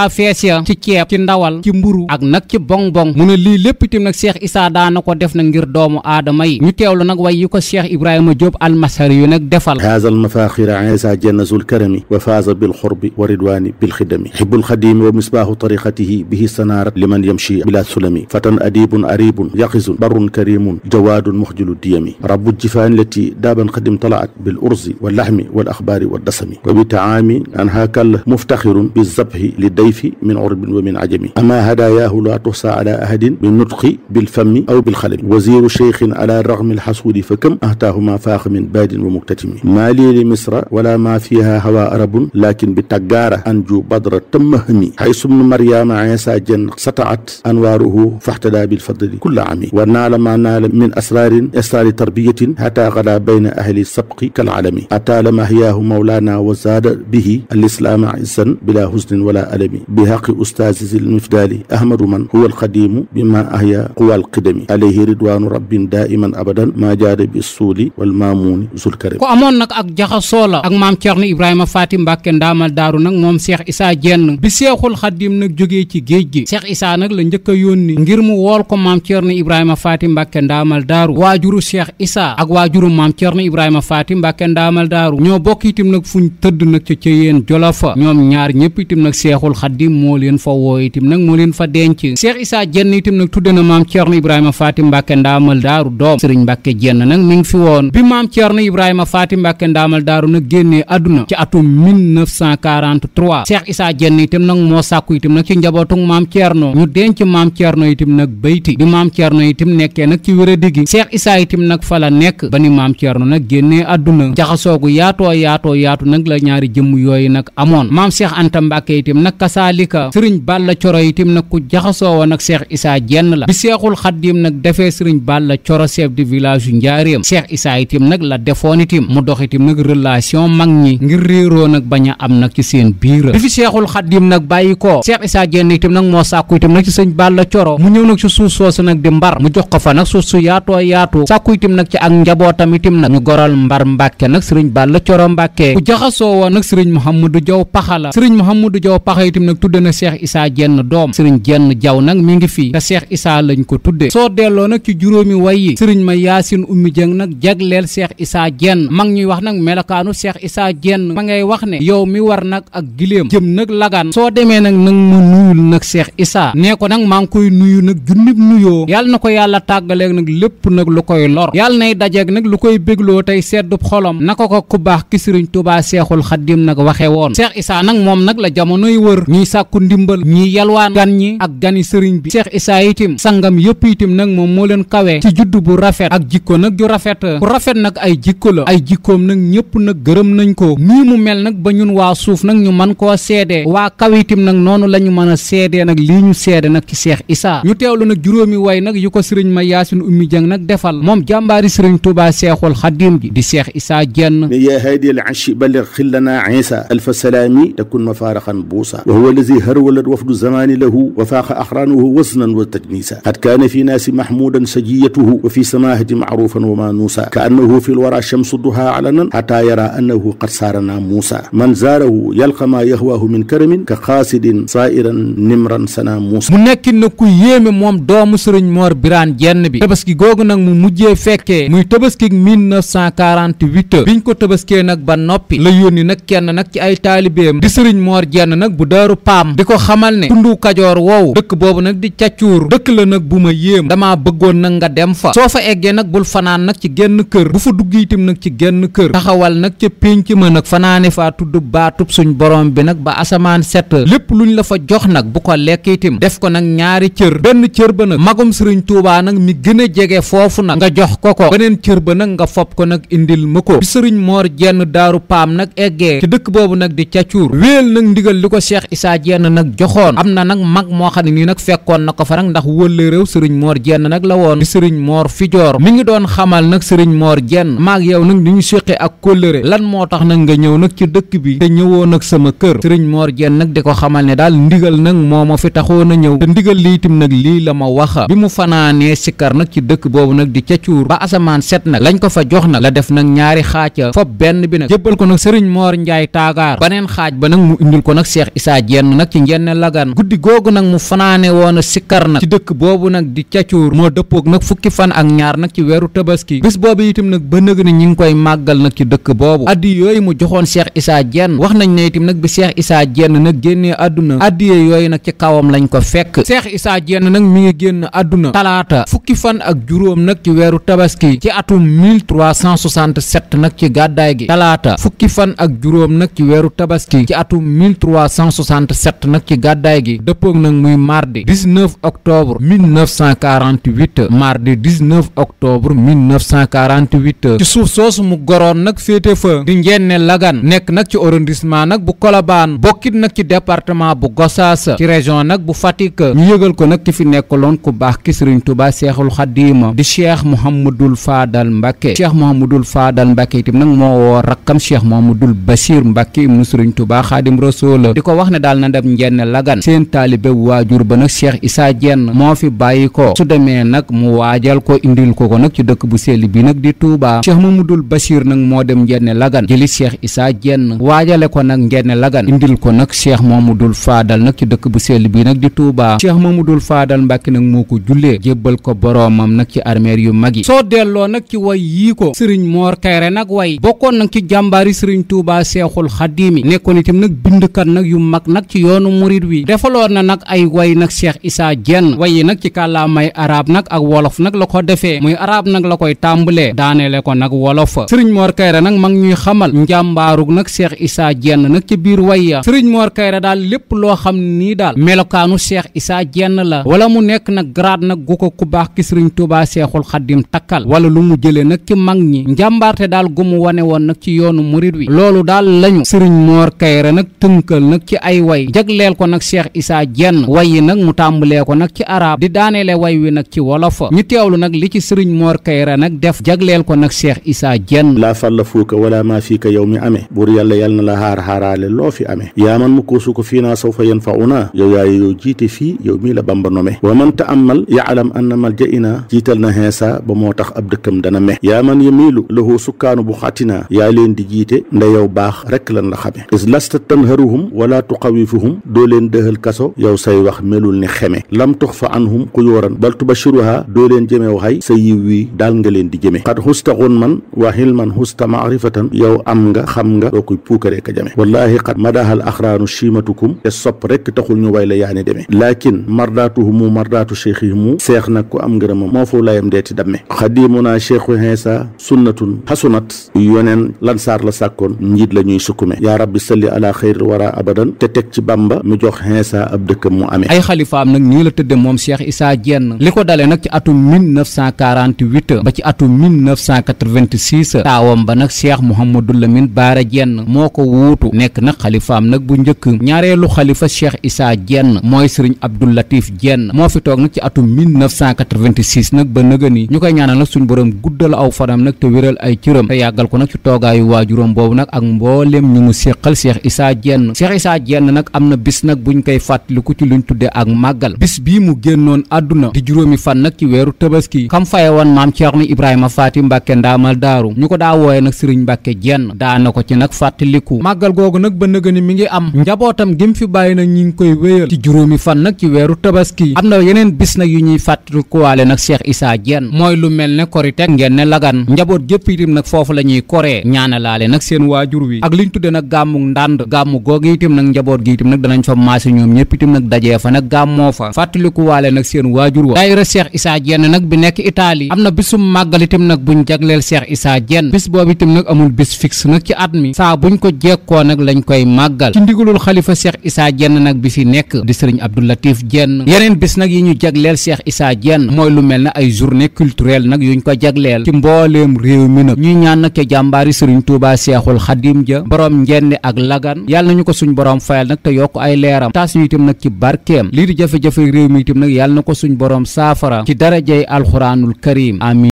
Speaker 1: plat fees ya ci ceeb ci ndawal ci mburu ak nag ci bonbon mu ne lii lépp itam nag Cheikh Issa daana ko def na ngir doomu aadama yi ñu teewlu nag way yi ko Cheikh
Speaker 2: Ibrahima Diop almasari yu nag defal haza almafaxira isa jannasul karami wa faaza bilxurbi wa ridwani bilxidami hibbul xadimi wa misbaahu tariqatihi bihi sanaarat liman yamshi bila sulami fatan adibun aribun yaqisun barun karimun jawaadun muxjilu diyami rabu jifaani lati daaban qadim talaat bil urzi wal laxmi wal axbaari wal dasami wa bi taami an haakal muftaxirun bi zabhi li day tayfi min urabin wa min ajami ama hadayaahu la tuxsa ala ahadin bi nutqi bilfammi aw bilxalami waziru cheikhin ala ragmi alxasuudi fa kam ahtaahuma faaxa min baadin wa muktatimi maa lii li misra wala maa fiiha hawa arabun lakin bi taggaara anju badra tammahami xaysum nu mariama isa jen sataat anwaaruhu faxtada bilfadli kulla ami wa naala ma naala min asrarin asrari tarbiyatin xata xada bayna ahli sabqi kalalami ataalama hiyaahu mawlaana wa zaada bihi alislaama izzan bila husnin wala alami bi haqi ustaasi sil mifdaali ahmadu man huwa alxadiimu bi ma ahya quwaal qidami alayhi ridwaanu rabbin daiman abadan maa jaada bi suuli wal maamuuni zul karim ko
Speaker 1: amoon nag ak jaxasoo la ak maam Ceerno Ibrahima Faati Mbàkke ndaamal daaru nag moom seex isa Diène bi Seexul Xadim nag jógee ci géej gi Cheikh isa nag la njëkk a yónni ngir mu wool ko maam Ceerno Ibrahima Faati Mbàkke ndaamal daaru waajuru Cheikh Issa ak waajuru maam Ceerno Ibrahima Faati Mbàkke ndaamal daaru ñoo bokk itam nag fuñ tëdd Xaddim moo leen fa woo itam nag moo leen fa denc Cheikh Issa Dienne itam nag tudde na maam Thierno Ibrahima Faty Mbacke ndaamal daaru doom Serigne Mbacke Dienne nag mi ngi fi woon bi maam Thierno Ibrahima Faty Mbacke ndaamal daaru nag génnee àdduna ci atum 1943 Cheikh Issa Dienne nag moo sàkku itam nag ci njabootu maam Thierno ñu denc maam Thierno itam nag bayti bi maam Thierno itam nekkee nag ci wéradi gi Cheikh Issa itam nag fa la nekk ba ni maam Thierno nag génnee àdduna jaxasoogu yaatoo yaatoo yaatu nag ñaari jëmm yooyu nag kazaalika sëriñ Balla Coro itam nag ku jaxasoo woon ak Cheikh Issa Diène la bi Seexul Xaddim nag defee sëriñ Balla Coro chef de village yu Njaaréem Cheikh Issa itam nag la defoon itam mu dox itam nag relation mag ñi ngir réeroo nag bañ a am nag ci seen biir bi fi Seexul Xaddim nag bàyyi ko Cheikh Issa Diène itam nag moo sàkku itam nag ci sëriñ Balla Coro mu ñëw nag ci suuf soosu nag di mbar mu jox ko fa nag suuf su yaatoo yaatu sàkku itam nag ci ak njabootam itam nag ñu goral mbar Mbàkke nag sëriñ Balla Coro Mbàkke ku jaxasoo nag tudde na Cheikh Issa Diène doom sëriñ Diène Diaw nag mi ngi fii te Cheikh Issa lañ ko tudde soo delloo nag ci juróomi way yi sëriñ ma Yaasin Oumy Dieng nag jagleel seex Issa Diène mag ñuy wax nag melokaanu Cheikh Issa Diène ma ngay wax ne yow mi war nag ak giléem jëm nag lagaan soo demee nag nag ma nuyul nag seex Issa nee nag maa ngi koy nuyu nag junnib nuyoo yàlla na ko yàlla tàggaleek nag lépp nag lu koy lor yàlla nay dajeeg nag lu koy bégloo tey seddub xolom naka ko ku baax ki sëriñ Tuubaa Seexul Xaddim nag ñiy sàkku ndimbal ñiy yalwaan gan ñi ak gani sëriñ bi Cheikh Issa itim sangam yëpp itim nag moom moo leen kawee ci judd bu rafet ak jikko nag ju rafet ku rafet nag ay jikko la ay jikkoom nag ñëpp nag gërëm nañ ko nii mu mel nag ba ñun waa suuf nag ñu man koo seedee waa kaw itim nag noonu la ñu mën a seedee nag lii ñu seede nag ci seex Issa ñu teewlu nag juróomi way nag yu ko sëriñ ma yaasin ummi jang nag defal moom jàmbaari sëriñ Tuubaa Seexul
Speaker 2: Xadiim ji di Cheikh Issa والذي هرول الوفد الزمان له وفاق أقرانه وزنا وتكنيسا قد كان في ناس محمودا سجيته وفي سماهة معروفا ومانوسا كأنه في الورى شمس الضحى علنا حتى يرى أنه قد سارنا موسى من زاره يلقى ما يهواه من كرم كقاصد صائرا نمرا سنا موسى mu nekk na ku yéeme
Speaker 1: moom doomu sëriñ Mor Birane Diène bi tabaski googu nag mu mujjee fekkee muy tabaski 1948 biñ ko tabaskee nag ba noppi la yónni nag kenn nag ci ay taalibeem di sëriñ Mor Diène nag bu daaru daaru paam di ko xamal ne tundu kajoor woowu dëkk boobu nag di càccuur dëkk la nag bu ma yéem damaa bëggoon nag nga dem fa soo fa eggee nag bul fanaan nag ci genn kër bu fa dugg itam nag ci genn kër taxawal nag ca pénc ma nag fanaane faa tudd baatub suñ borom bi nag ba asamaan set lépp luñ la fa jox nag bu ko lekk itam def ko nag ñaari cër benn cër ba nag magum sëriñ Tuubaa nag mi gën a jege foofu nag nga jox ko ko beneen cër ba nag nga fob ko nag indil ma sëriñ moor jenn daaru paam nag Issa Diène nag joxoon am na nag mag moo xam ne nii nag fekkoon na ko fa nag ndax wëlle réew sëriñ Mor Diène nag la woon di sëriñ moor Fijoor mi ngi doon xamal nag sëriñ moor Diène maag yow nag ni ñu séqe ak kóllëre lan moo tax nag nga ñëw nag ci dëkk bi te ñëwoon nag sama kër sëriñ moor Diène nag di ko xamal ne daal ndigal nag moo ma fi taxoon a ñëw te ndigal lii itam nag lii la ma waxa bi mu fanaanee sikar nag ci dëkk boobu nag di ca ba asamaan set nag lañ ko fa jox nag la def nag ñaari xaaca jenn nag ci njenne lagan guddi googu nag mu fanaane woon a sikkar nag ci dëkk boobu nag di cacuur moo dëppoog nag fukki fan ak ñaar nag ci weeru tabaski bés boobu itam nag bënn nëg ne ñu ngi koy màggal nag ci dëkk boobu addi yooyu mu joxoon Cheikh Issa jenn wax nañ ne itam nag bi Cheikh Issa Diène nag génnee àdduna addiye yooyu nag ci kawam lañ ko fekk Cheikh Issa Diène nag mi ngi génn àdduna talaata fukki fan ak juróom nag ci weeru tabaski ci atum 1367 nag ci gàddaay gi talaata fukki fan ak juróom nag weeru tabaski ci atum 1947 nag ci gàddaay gi dëppoog nag muy mardi 19 octobre 1948 mardi 19 octobre 1948 ci suuf soosu mu goroon nag féete fa di njenne lagan nekk nag ci arrondissement nag bu kolobaan bokkit nag ci département bu gosaas ci région nag bu Fatick ñu yëgal ko nag ki fi nekkaloon ku baax ki Sëriñ Tuubaa Seexul Xadiima di Cheikh Mouhamadul Fadal Mbacke Cheikh Mouhamadul Fadal Mbacke itam nag moo woo rakkam Cheikh Mouhamadul Bachir Mbacke ibnu Sëriñ Tuubaa Xaadim Rasuul di ko wax ne daal taal na ndem njenn lagan seen taalibe waajur ba nag Cheikh Issa Diène moo fi bàyyi ko su demee nag mu waajal ko indil ko ko nag ci dëkk bu sell bi nag di Touba Cheikh Mamadou Bachir nag moo dem njenn lagan jëli Cheikh Issa Diène waajale ko nag njenn lagan indil ko nag Cheikh Mamadou Fadal nag ci dëkk bu sell bi nag di Touba Cheikh Mamadou Fadal Mbàkke nag moo ko jullee jébbal ko boroomam nag ci armeer yu mag yi soo delloo nag ci way yii ko sëriñ Moor Kayre nag way bokkoon nag ci jàmbaari sëriñ Touba Seexul Xadiimi nekkoon itam nag bindkat nag yu nag ci yoonu murit wi defaloon na nag ay way nag Cheikh Issa Diène way nag ci kàllaamay arab nag la ko defee muy arab nag la koy tàmbalee daaneele ko nag wolof sëriñ Mor Kayre nag mag ñuy xamal njàmbaarug nak seex Issa jenn nag ci biir way ya sëriñ Mor Kayre daal lépp loo xam nii daal melokaanu Cheikh Issa jenn la wala mu nekk nag grade nag gu ko ku baax ki sëriñ tubaa Seexul Xaddim takkal wala lu mu jëlee nag ci mag ñi njàmbaarte daal gu mu wane woon nag ci yoonu murit wi loolu daal lañu sëriñ Mor Kayre nag tënkal nag ci ay way way jagleel ko nag Cheikh Issa Diène way yi nag mu tàmbalee ko nag ci arab di daaneele way wi nag ci wolof ñu teewlu nag li ci sëriñ Mor Kayra nag def
Speaker 2: jagleel ko nag Cheikh Issa Diène laa fàlla fuuka wala maa fiika yow mi amee buur yàlla yàlla na la xaar xaaraale loo fi amee yaa man mu koosu ko fii naa soo fa yan fa unaa yow yaay yow jiite fii yow mii la bamba nome wa man taamal yaalam anna malja inaa jiital na xeesa ba moo tax ab dëkkam dana me yaa man yamiilu lahu sukkaanu bu xatinaa yaa leen di jiite nda yow baax rek lan la xame tasrifuhum doo leen dëxal kaso yow say wax melul ni xeme lam tux fa anhum xuyóoran bal tubashiruha doo leen jëme waxay sa yiw wi daal nga leen di jëme xat xusta xun man wa xilman xusta maarifatan yow am nga xam nga doo koy puukaree ka jame wallahi xat madaxal axraanu chimatukum te sopp rekk taxul ñu way la yaani demee laakin mardaatuhumu mardaatu cheikhihimu seex nag ku am ngërëmam moo fu layam deeti damme xadimunaa cheikhu xeesa sunnatun xasunat yoneen lansaar la sàkkoon la ñuy sukkume yaa rabbi salli ala teg ci Bamba mu jox Insa ab dëkkam mu amee ay
Speaker 1: xalifaam nag nii la tëdde moom seex Issa Diène li ko dalee nag ci atum 1948 ba ci atum 1986 taawam ba nag Cheikh Mouhamadou Lamine Bara jenn moo ko wuutu nekk nag xalifaam nag bu njëkk ñaareelu xalifa Cheikh Issa jenn mooy Serigne Abdou Latif jenn moo fi toog nag ci atum 1986 nag ba nëga ñu koy ñaanal nag suñu borom guddal aw fanam nag te wéral ay cëram te yàggal ko nag ci toogaayu waajuram boobu nag ak mboolem ñu mu séqal Cheikh Issa Diène nag am na bis nag buñ koy fàttaliku ci luñ tuddee ak màggal bis bii mu génnoon àdduna di juróomi fan nag ci weeru tabaski kam faye woon maam Ceerno Ibrahima Faati Mbàkke ndaamal daaru ñu ko daa wooye nag sëriñ Mbàkke jenn daana ko ci nag fàttaliku màggal googu nag bënn ba nëgëni mi ngi am njabootam gim fi bàyyi nag ñu ngi koy wéyal ci juróomi fan nag ci weeru tabaski am na yeneen bis nag yu ñuy fàttalikuwaale nag Cheikh Issa Diène mooy lu mel ne Korité ngeen ne Lagan njaboot gépp nag foofu la ñuy koree ñaanalaale nag seen waajur wi ak liñ njaboot gi itam nag danañ fa maase ñoom ñëpp itam nag dajee fa nag gàmmoo fa fàttaliku waale nag seen waajur wa daayira Cheikh Issa Diène nag bi nekk Italie am na bisum màggal itam nag buñ jagleel Cheikh Issa Diène nag ko jekkoo nag lañ koy màggal ci ndigalul xalifa Cheikh Issa bi si nekk di sëriñ Abdou Latif Diène yeneen bis nag yi ñu jagleel seex Issa Diène mooy lu mel ne ay journée culturel nag yuñ ko jagleel ci mbooleem réew mi nag ñuy ñaan nag ca jàmbaari sëriñ Touba Cheikhul Khadim ja borom njenne ak lagan yàlla nañu nag te yokk ay leeram taas ñu itam nag ci barkeem li di jafe-jafe réew mi itam nag yàlla na ko suñ boroom saafara ci darajey alxuraanul karim amin